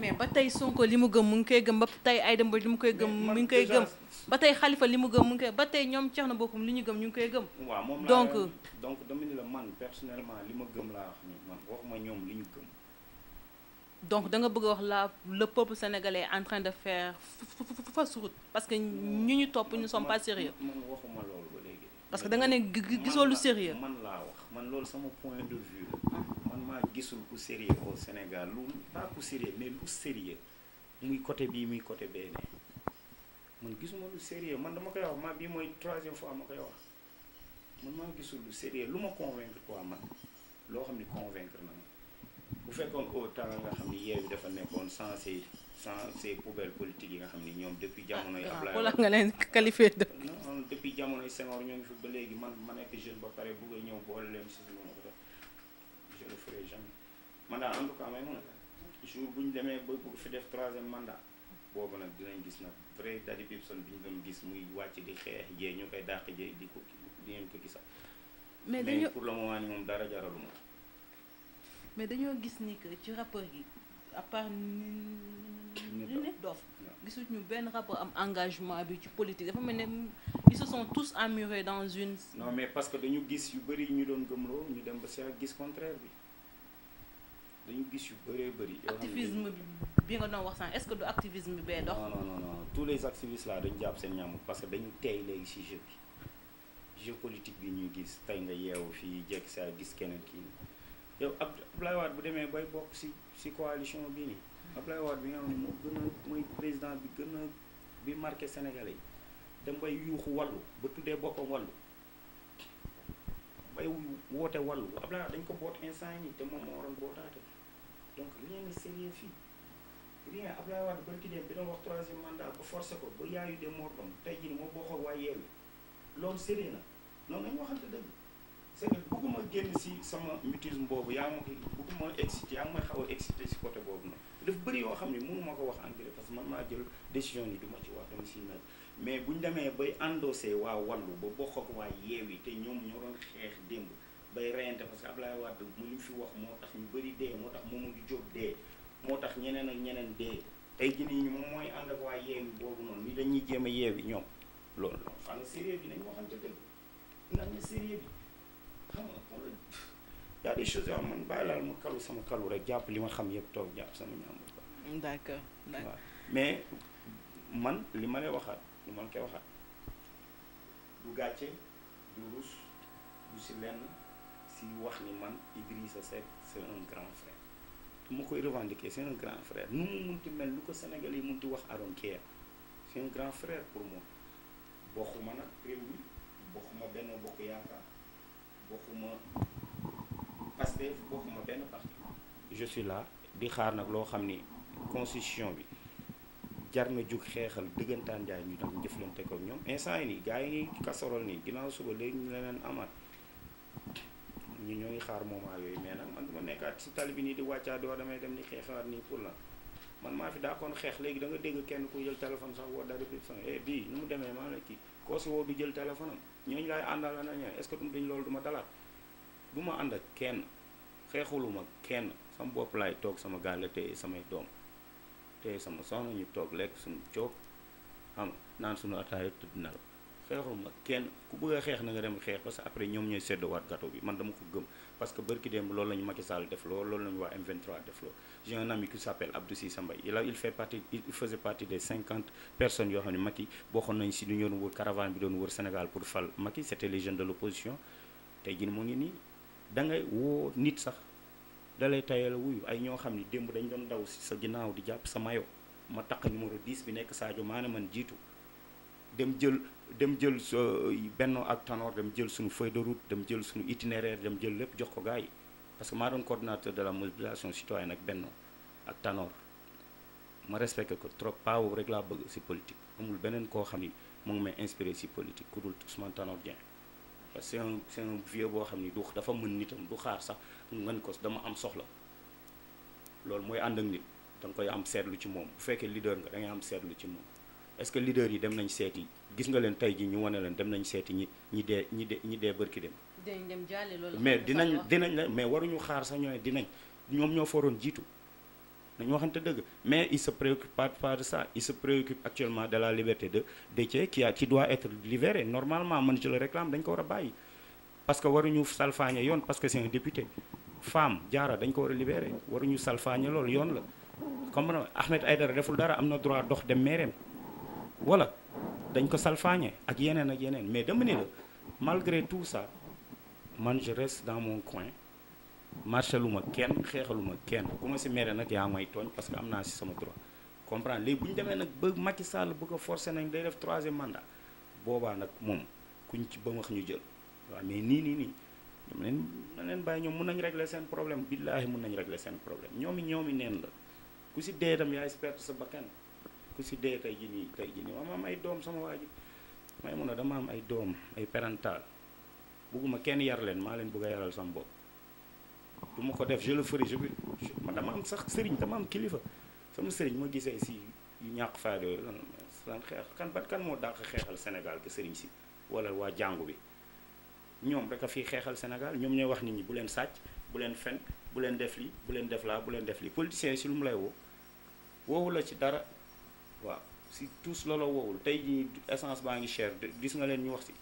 mais ba tey Sonko li mu gëm mu ngi koy gëm ba tey Aïda Mbodj li mu koy gëm. mu ngi koy gëm ba tey xalifa li mu gëm mu ngi koy ba tey ñoom Thierno Bocoum li ñu gëm ñu ngi koy gëm. waaw moom laa donc donc dama ni la man li ma gëm laa wax ni man waxuma ñoom li ñu gëm. donc da nga bëgg wax la le peuple sénégalais est en train de faire fausse route parce que ñu ñu topp ñu sommes pas sérieux man waxuma loolu léegi. parce que da nga ne gisoo lu sérieux man laa wax man loolu sama point de vue dama gisul ku sérieux au Sénégal lu pas ku sérieux mais lu sérieux muy côté bii muy côté bee ne man gisuma lu sérieux man dama koy wax ma bi mooy troisième fois ma koy wax man maa gisul lu sérieux lu ma convaincre quoi man loo xam ni convaincre na ma bu fekkoon au temps nga xam ni yeewi dafa nekkoon sensé sans ces poubelles yi nga xam ni ñoom depuis jamonoy ah, Ablaye wala nga leen qualifié de non depuis jamonoy Senghor ñoo ngi fi ba léegi man le ferai jamais may mën a jour bu ñu demee ba bëgg fi def troisième mandat boobu nag dinañ gis nag vrai Daddy Bibson bi ñu doon gis muy wàcc di xeex jee ñu koy dàq jee di ko di ngeen ko gisal. mais dañoo pour le moment ni dara jaralu dañoo gis ni que ci rappeur gi à part ñu ne dof gisuñu benn rapport am engagement bi ci politique dafa mel ne ils se sont tous emmurés dans une. non mais parce que dañu gis yu bëri ñu doon gëmloo ñu dem ba si gis contraire bi. dañu gis yu bëree bëri. activisme bi nga doon wax sànq est-ce que du activisme bi bee dox. non non tous les activistes là dañu jàpp seen ñàmm parce que dañu teey léegi ci jeu bi jeu politique bi ñuy gis tey nga yeewu fii jekk saa gis keneen kii yow ab Abdoulaye Wade bu demee bay bokk ci ci coalition bi nii. Abdoulaye Wade bi nga xam ne moo gën a mooy président bi gën a bi marqué Sénégalais yi dem bay yuuxu wàllu ba tuddee boppam wàllu. dafay woote wàllu Ablaye dañ ko boot instant yi nii te moom moo waroon bootaate donc rien n'est sérieux fii rien Ablaye Wade ba dem bi doon wax troisième mandat ba forcé ko ba yaayu de mordom tey jii moo boo xoog waaye yeewi loolu sérieux na noonu nañu waxante dëgg c'est que bëgguma génn si sama mutisme boobu yaa ma ko bëgguma excité yaa ngi may xaw a excité si côté boobu nag daf bëri yoo xam ni mënu ma ko wax en parce que man maa jël décision yi du ma ci wax dama mais bu ñu demee bay endossé waa wàllu ba bokk ak waa yeewi te ñoom ñoo doon xeex démb bay reyante parce que Ablaye Wade mu li fi wax moo tax ñu bëri dee moo tax Mamadou Diop dee moo tax ñeneen ak ñeneen dee tey jii nii moom mooy ànd ak waa yeewi boobu noonu ni dañuy jéem a yeewi ñoom loolu noonu xam nga sérieux bi nañu waxante dëgg ndax ñu bi xam nga loolu y a des choses yoo xam man bàyyi laal ma kalu sama kalu rek jàpp li ma xam yëpp toog jàpp sama ñaam d'accord mais man li ma lay waxaat lu man koy waxaat du gàcce du rus du si lenn si wax ni man Idrissa Seck c'est un grand frère du ma koy revendiquer c'est un grand frère nu mu munti mel lu ko Sénégal yi munti wax aroon kii c'est un grand frère pour moi bokkuma nag réew mi bokkuma benn bokk yaakaar bokkuma Pastef bokkuma benn parti je suis di xaar nag loo xam ni constitution bi jar na jug xeexal dëggantaan jaay ñu tam jëflante ko ñoom instant yi nii gars yi ñuy kasarol nii ginnaaw suba léegi ñu leneen amaat ñu ñoo ngi xaar moment yooyu mais nag man dama nekkaat si tali bi nii di wàccaa di damay dem ni xeexaat nii pour la man maa fi daakoon xeex léegi da nga dégg kenn ku jël téléphone sax woo dari pib san eh bii nu mu demee maa la kii koo si woo du jël téléphone am ñooñu laay àndal la nañu est ce que loolu du ma dalaat du ma ànd ak kenn xeexuluma kenn sama bopp laay toog sama gaale samay doom te sama soxna ñu toog lekk suñu coob xam naan suñu ataaya tëdd na la xeexuma kenn ku bëgg a xeex na nga dem xeex parce que après ñoom ñooy seddowaat gâteau bi man dama ko gëm parce que bërki démb loolu la ñu Macky Sall def loolu loolu la ñu waa M23 def loolu j'ai un ami qui s'appelle Abdou Cissé Mbaye il a il fait partie il faisait partie des 50 personnes yoo xam ne Macky bokkoon nañ si du ñoon wër caravane bi doon wër Sénégal pour fal Macky c'était les jeunes de l'opposition tey jii mu da ngay woo nit sax dalay tayal wuyu ay ñoo xam ni démb dañu doon ndaw si sa ginnaaw di jàpp sa mayo ma takk numéro 10 bi nekk Sadio Mané man jiitu dem jël dem jël Benno ak Tanor dem jël suñu feuille de route dem jël suñu itinéraire dem jël lépp jox ko gars yi parce que maa doon coordinateur de la mobilisation citoyenne ak Benno ak Tanor ma respecté ko trop paawu rek laa bëgg si politique amul beneen koo xam ni mu ngi may inspiré si politique ku dul Ousmane Tanor boo xam ni du dafa mën nitam du xaar sax mën ko dama am soxla loolu mooy ànd ak nit koy am seetlu ci moom bu fekkee leader nga da ngay am seetlu ci moom est-ce que leader dem nañ seeti gis nga tey ji ñu wane leen dem nañ seeti ñi ñi dee ñi dee ñi dee bërki dem mais dinañ dinañ la mais waruñu xaar sax ñooy dinañ ñoom ñoo foroon jiitu nañu waxante dëgg mais il se préoccupe pas pas de ça il se préoccupe actuellement de la liberté de Déthié qui a qui doit être libéré normalement man je le réclame dañ ko war a bàyyi parce que waruñu salfaañe yoon parce que c'est un député femme jaara dañ ko war a libéré waruñu salfaañe loolu yoon la comme na Ahmed Aidara deful dara am na droit dox dem meereem wala dañ ko salfaañe ak yeneen ak yeneen mais dama ne la malgré tout sa man je reste dans mon coin marché lu ma kenn xeexalu ma kenn ku ma si mere nag yaa may tooñ parce que am naa si sama droit comprendre léegi bu ñu demee nag ba Macky Sall bu ko forcé nañ day def troisième mandat boobaa nag moom kuñ ci bëmax ñu jël waaw mais nii dama leen dama leen bàyyi ñoom mun nañ régler seen problème billaahi mun nañ régler seen problème ñoomi ñoomi neen la ku si dee itam yaay perte sa bakkan ku si dee tey ji nii tey ji nii ma am ay doom sama waa ji may mun a dama am ay doom ay parental bugguma kenn yar leen maa leen bëgg a yaral sama bopp du ma ko def je le ferai je dama am sax sëriñ dama am kilifa sama sëriñ ma gisee si yu ñàkk fayda yooyu lan xeex kan ban kan moo dàq xeexal Sénégal ke sëriñ si wala waa jàngu bi ñoom rek a fii xeexal Sénégal ñoom ñooy wax nit ñi bu leen sàcc bu leen fen bu leen def li bu leen def laa bu leen def li politiciens yi si lu mu lay woo woowu la ci dara waaw si tous lolo woowul tey jii essence baa ngi cher gis nga leen ñu wax si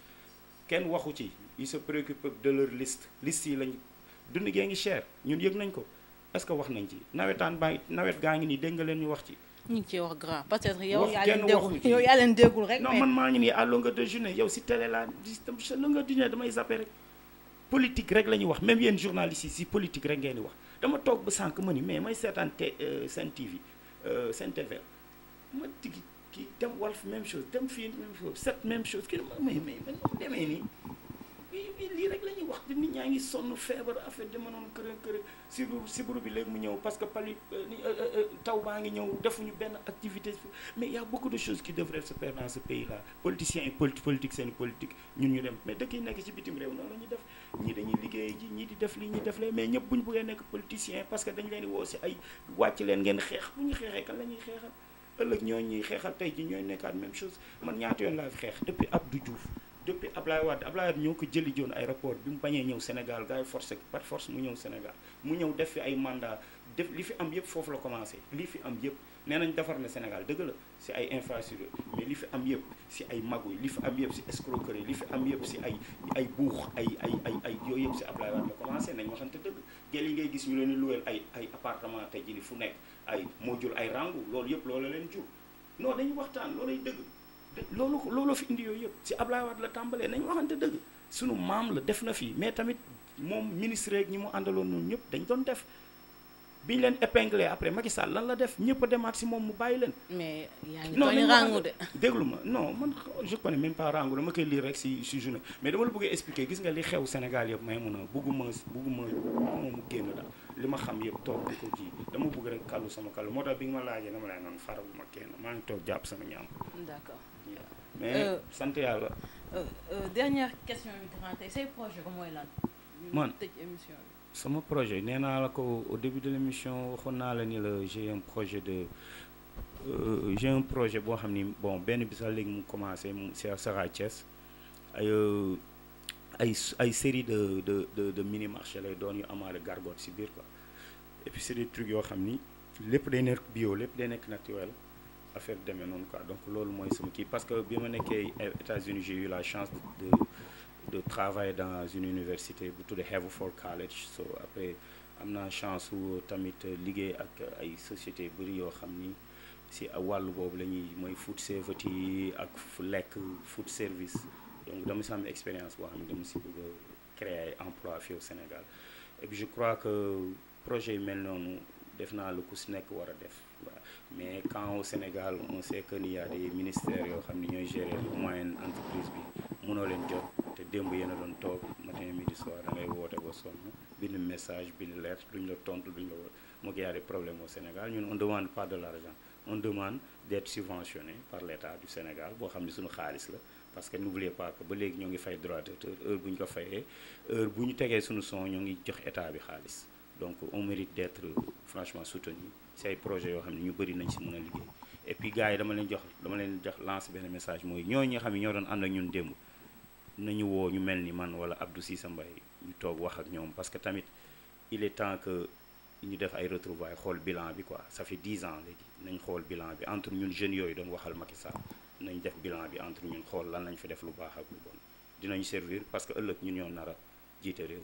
kenn waxu ci ils se préoccupent de leur liste liste yi lañ dund gee ngi cher ñun yëg nañ ko est que wax nañ ci nawetaan baa nawet gaa ngi nii dégg leen ñu wax ci ñu ni ciy wax grand peut-être yow. wax kenn yow yaa leen déggul rek. non man maa ngi nii à longueur de journée yow si télé laa di longueur de journée damay zappé rek. politique rek la ñuy wax même yéen journalistes yi si politique rek ngeen di wax dama toog ba sànq ma ni mais may seetaan te euh, Sen TV euh, Sen TV ma tigi ki dem Walf même chose dem fii même chose set même chose kii mais mais man demee nii. mais lii rek la ñuy wax te nit ñaa ngi sonn feebar affaire dama noonu kër kër sibiru sibiru bi léegi mu ñëw parce que pali euh, euh, euh, taw baa ngi ñëw defuñu benn activité mais y a beaucoup de choses qui devraient se ñun ñu dem mais ci bitim réew noonu la ñuy def ñii ñii di def lii ñuy def lee mais ñëpp bu ñu bëggee nekk que dañu leen di woo si ay wàcc ngeen xeex bu ñu xeexee kan la ñuy xeexal ëllëg ñoo ñuy xeexal tey ji ñooy nekkaat même chose man ñaata yoon laa fi xeex depuis Abdou Diouf depuis Ablaye Wade Ablaye Wade ñoo ko jëli joon aéroport bi mu bañee ñëw Sénégal gars yi forcé par force mu ñëw Sénégal mu ñëw def fi ay mandat def li fi am yëpp foofu la commencé li fi am yëpp nee nañ defar na Sénégal dëgg la si ay infrastructure li fi am yëpp si ay magu li fi am yëpp si escroquerie li fi am yëpp si ay ay buux ay ay ay ay yooyu yëpp si Ablaye Wade la commencé nañ waxante dëgg yi ngay gis ñu leen luweel ay ay appartement tey jii fu nekk ay moo jur ay rangu loolu yëpp loolu leen jur non dañu waxtaan loolu ay dëgg loolu looloo fi indi yooyu yëpp si Ablaye Wade la tàmbalee nañ waxante dëgg sunu maam la def na fii mais tamit moom ministre yeeg ñi mu àndaloon ñun ñëpp dañ doon def bi ñu leen épinglé après Macky Sall lan la def ñëpp demaat si moom mu bàyyi leen. mais yaa ngi tooñ rangu de ma non man je connais même pas rangu dama koy lire rek si si journée mais bëggee expliquer gis nga li xew Sénégal yëpp may mun a bugguma bugguma moomu génn daal li ma xam yëpp toog di ko ji dama bëgg rek kàllu sama kàllu moo tax bi nga ma laajee dama lay noonu faral ma kenn maa ngi toog jàpp sama ñaam. d'accord. mais euh, sant yàlla. Euh, euh, dernière question bi grand say projet ko mooy lan. man sama projet nee naa la ko au début de l' émission waxoon naa la ni la j'ai un projet de euh, j'ai projet boo xam ni bon benn bi sax léegi mu commencé mu sera Thiès ay ay ay série de de de de mini marché lay doon yu amaale gargote si biir quoi et puis c'est des trucs yoo xam ni lépp day nekk bio lépp day nekk naturel. affaire demee noonu quoi donc loolu mooy sama kii parce que bi ma nekkee États-Unis j'ai eu la chance de de travailler dans une université bu tudd Haverford College so après am na chance wu tamit liggéey ak ay société bëri yoo xam ni si wàllu boobu la ñuy mooy food safety ak lekk food service donc dama si expérience boo xam ne dama si bëgg a créer ay emploi fii au Sénégal et puis je crois que projet yu mel noonu def naa lu ku si nekk war a def mais quand au Sénégal on sait que ni y a des yoo xam ne ñooy gérer moyenne entreprise bi mënoo leen jot te démb yéen a doon toog matin midi soir da ngay woote ba sonn bind message bind lettre duñ la tontu duñ la moo ko y a problème problèmes au Sénégal ñun on demande pas de l'argent on demande d'être subventionné par l'État du Sénégal boo xam ne suñu xaalis la parce que n'oubliez pas que ba léegi ñoo ngi fay droit d'auteur heure bu ñu ko fayee heure bu ñu tegee suñu son ñoo ngi jox état bi xaalis donc on mérite d'être franchement soutenu si ay projet yoo xam ne ñu bëri nañ si mën a liggéey et dama leen jox dama benn message mooy ñooñu nga xam ne ñoo doon ànd ak ñun démb nañu woo ñu mel ni man wala si sa Mbaye ñu toog wax ak ñoom parce que tamit il est temps que ñu def ay retrouvailles xool bilan bi quoi sa fait 10 ans nañ xool bilan bi entre ñun jeunes yooyu doon waxal Macky Sall nañ def bilan bi entre ñun xool lan nañ fi def lu baax ak lu bon dinañ servir parce que ëllëg ñun ñoo nar a réew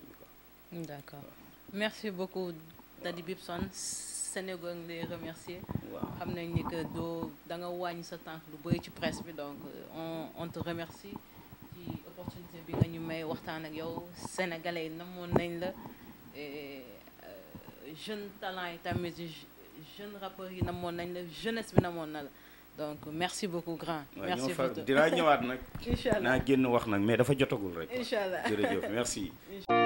mi Sénégal ngi lay remercier waaw xam nañ ni que doo da nga wàññi sa tànk lu bëri ci presse bi donc euh, on on te remercie ci opportunité bi nga ñu may waxtaan ak yow sénégalais yi namoon nañ la euh, jeune talent yi tamit jeune rappeurs yi namoon nañ la jeunesse bi moon na la donc merci beaucoup grand. merci beaucoup dinaa ñëwaat nag. incha allah naa génn wax nag mais dafa jotagul rek. incha merci.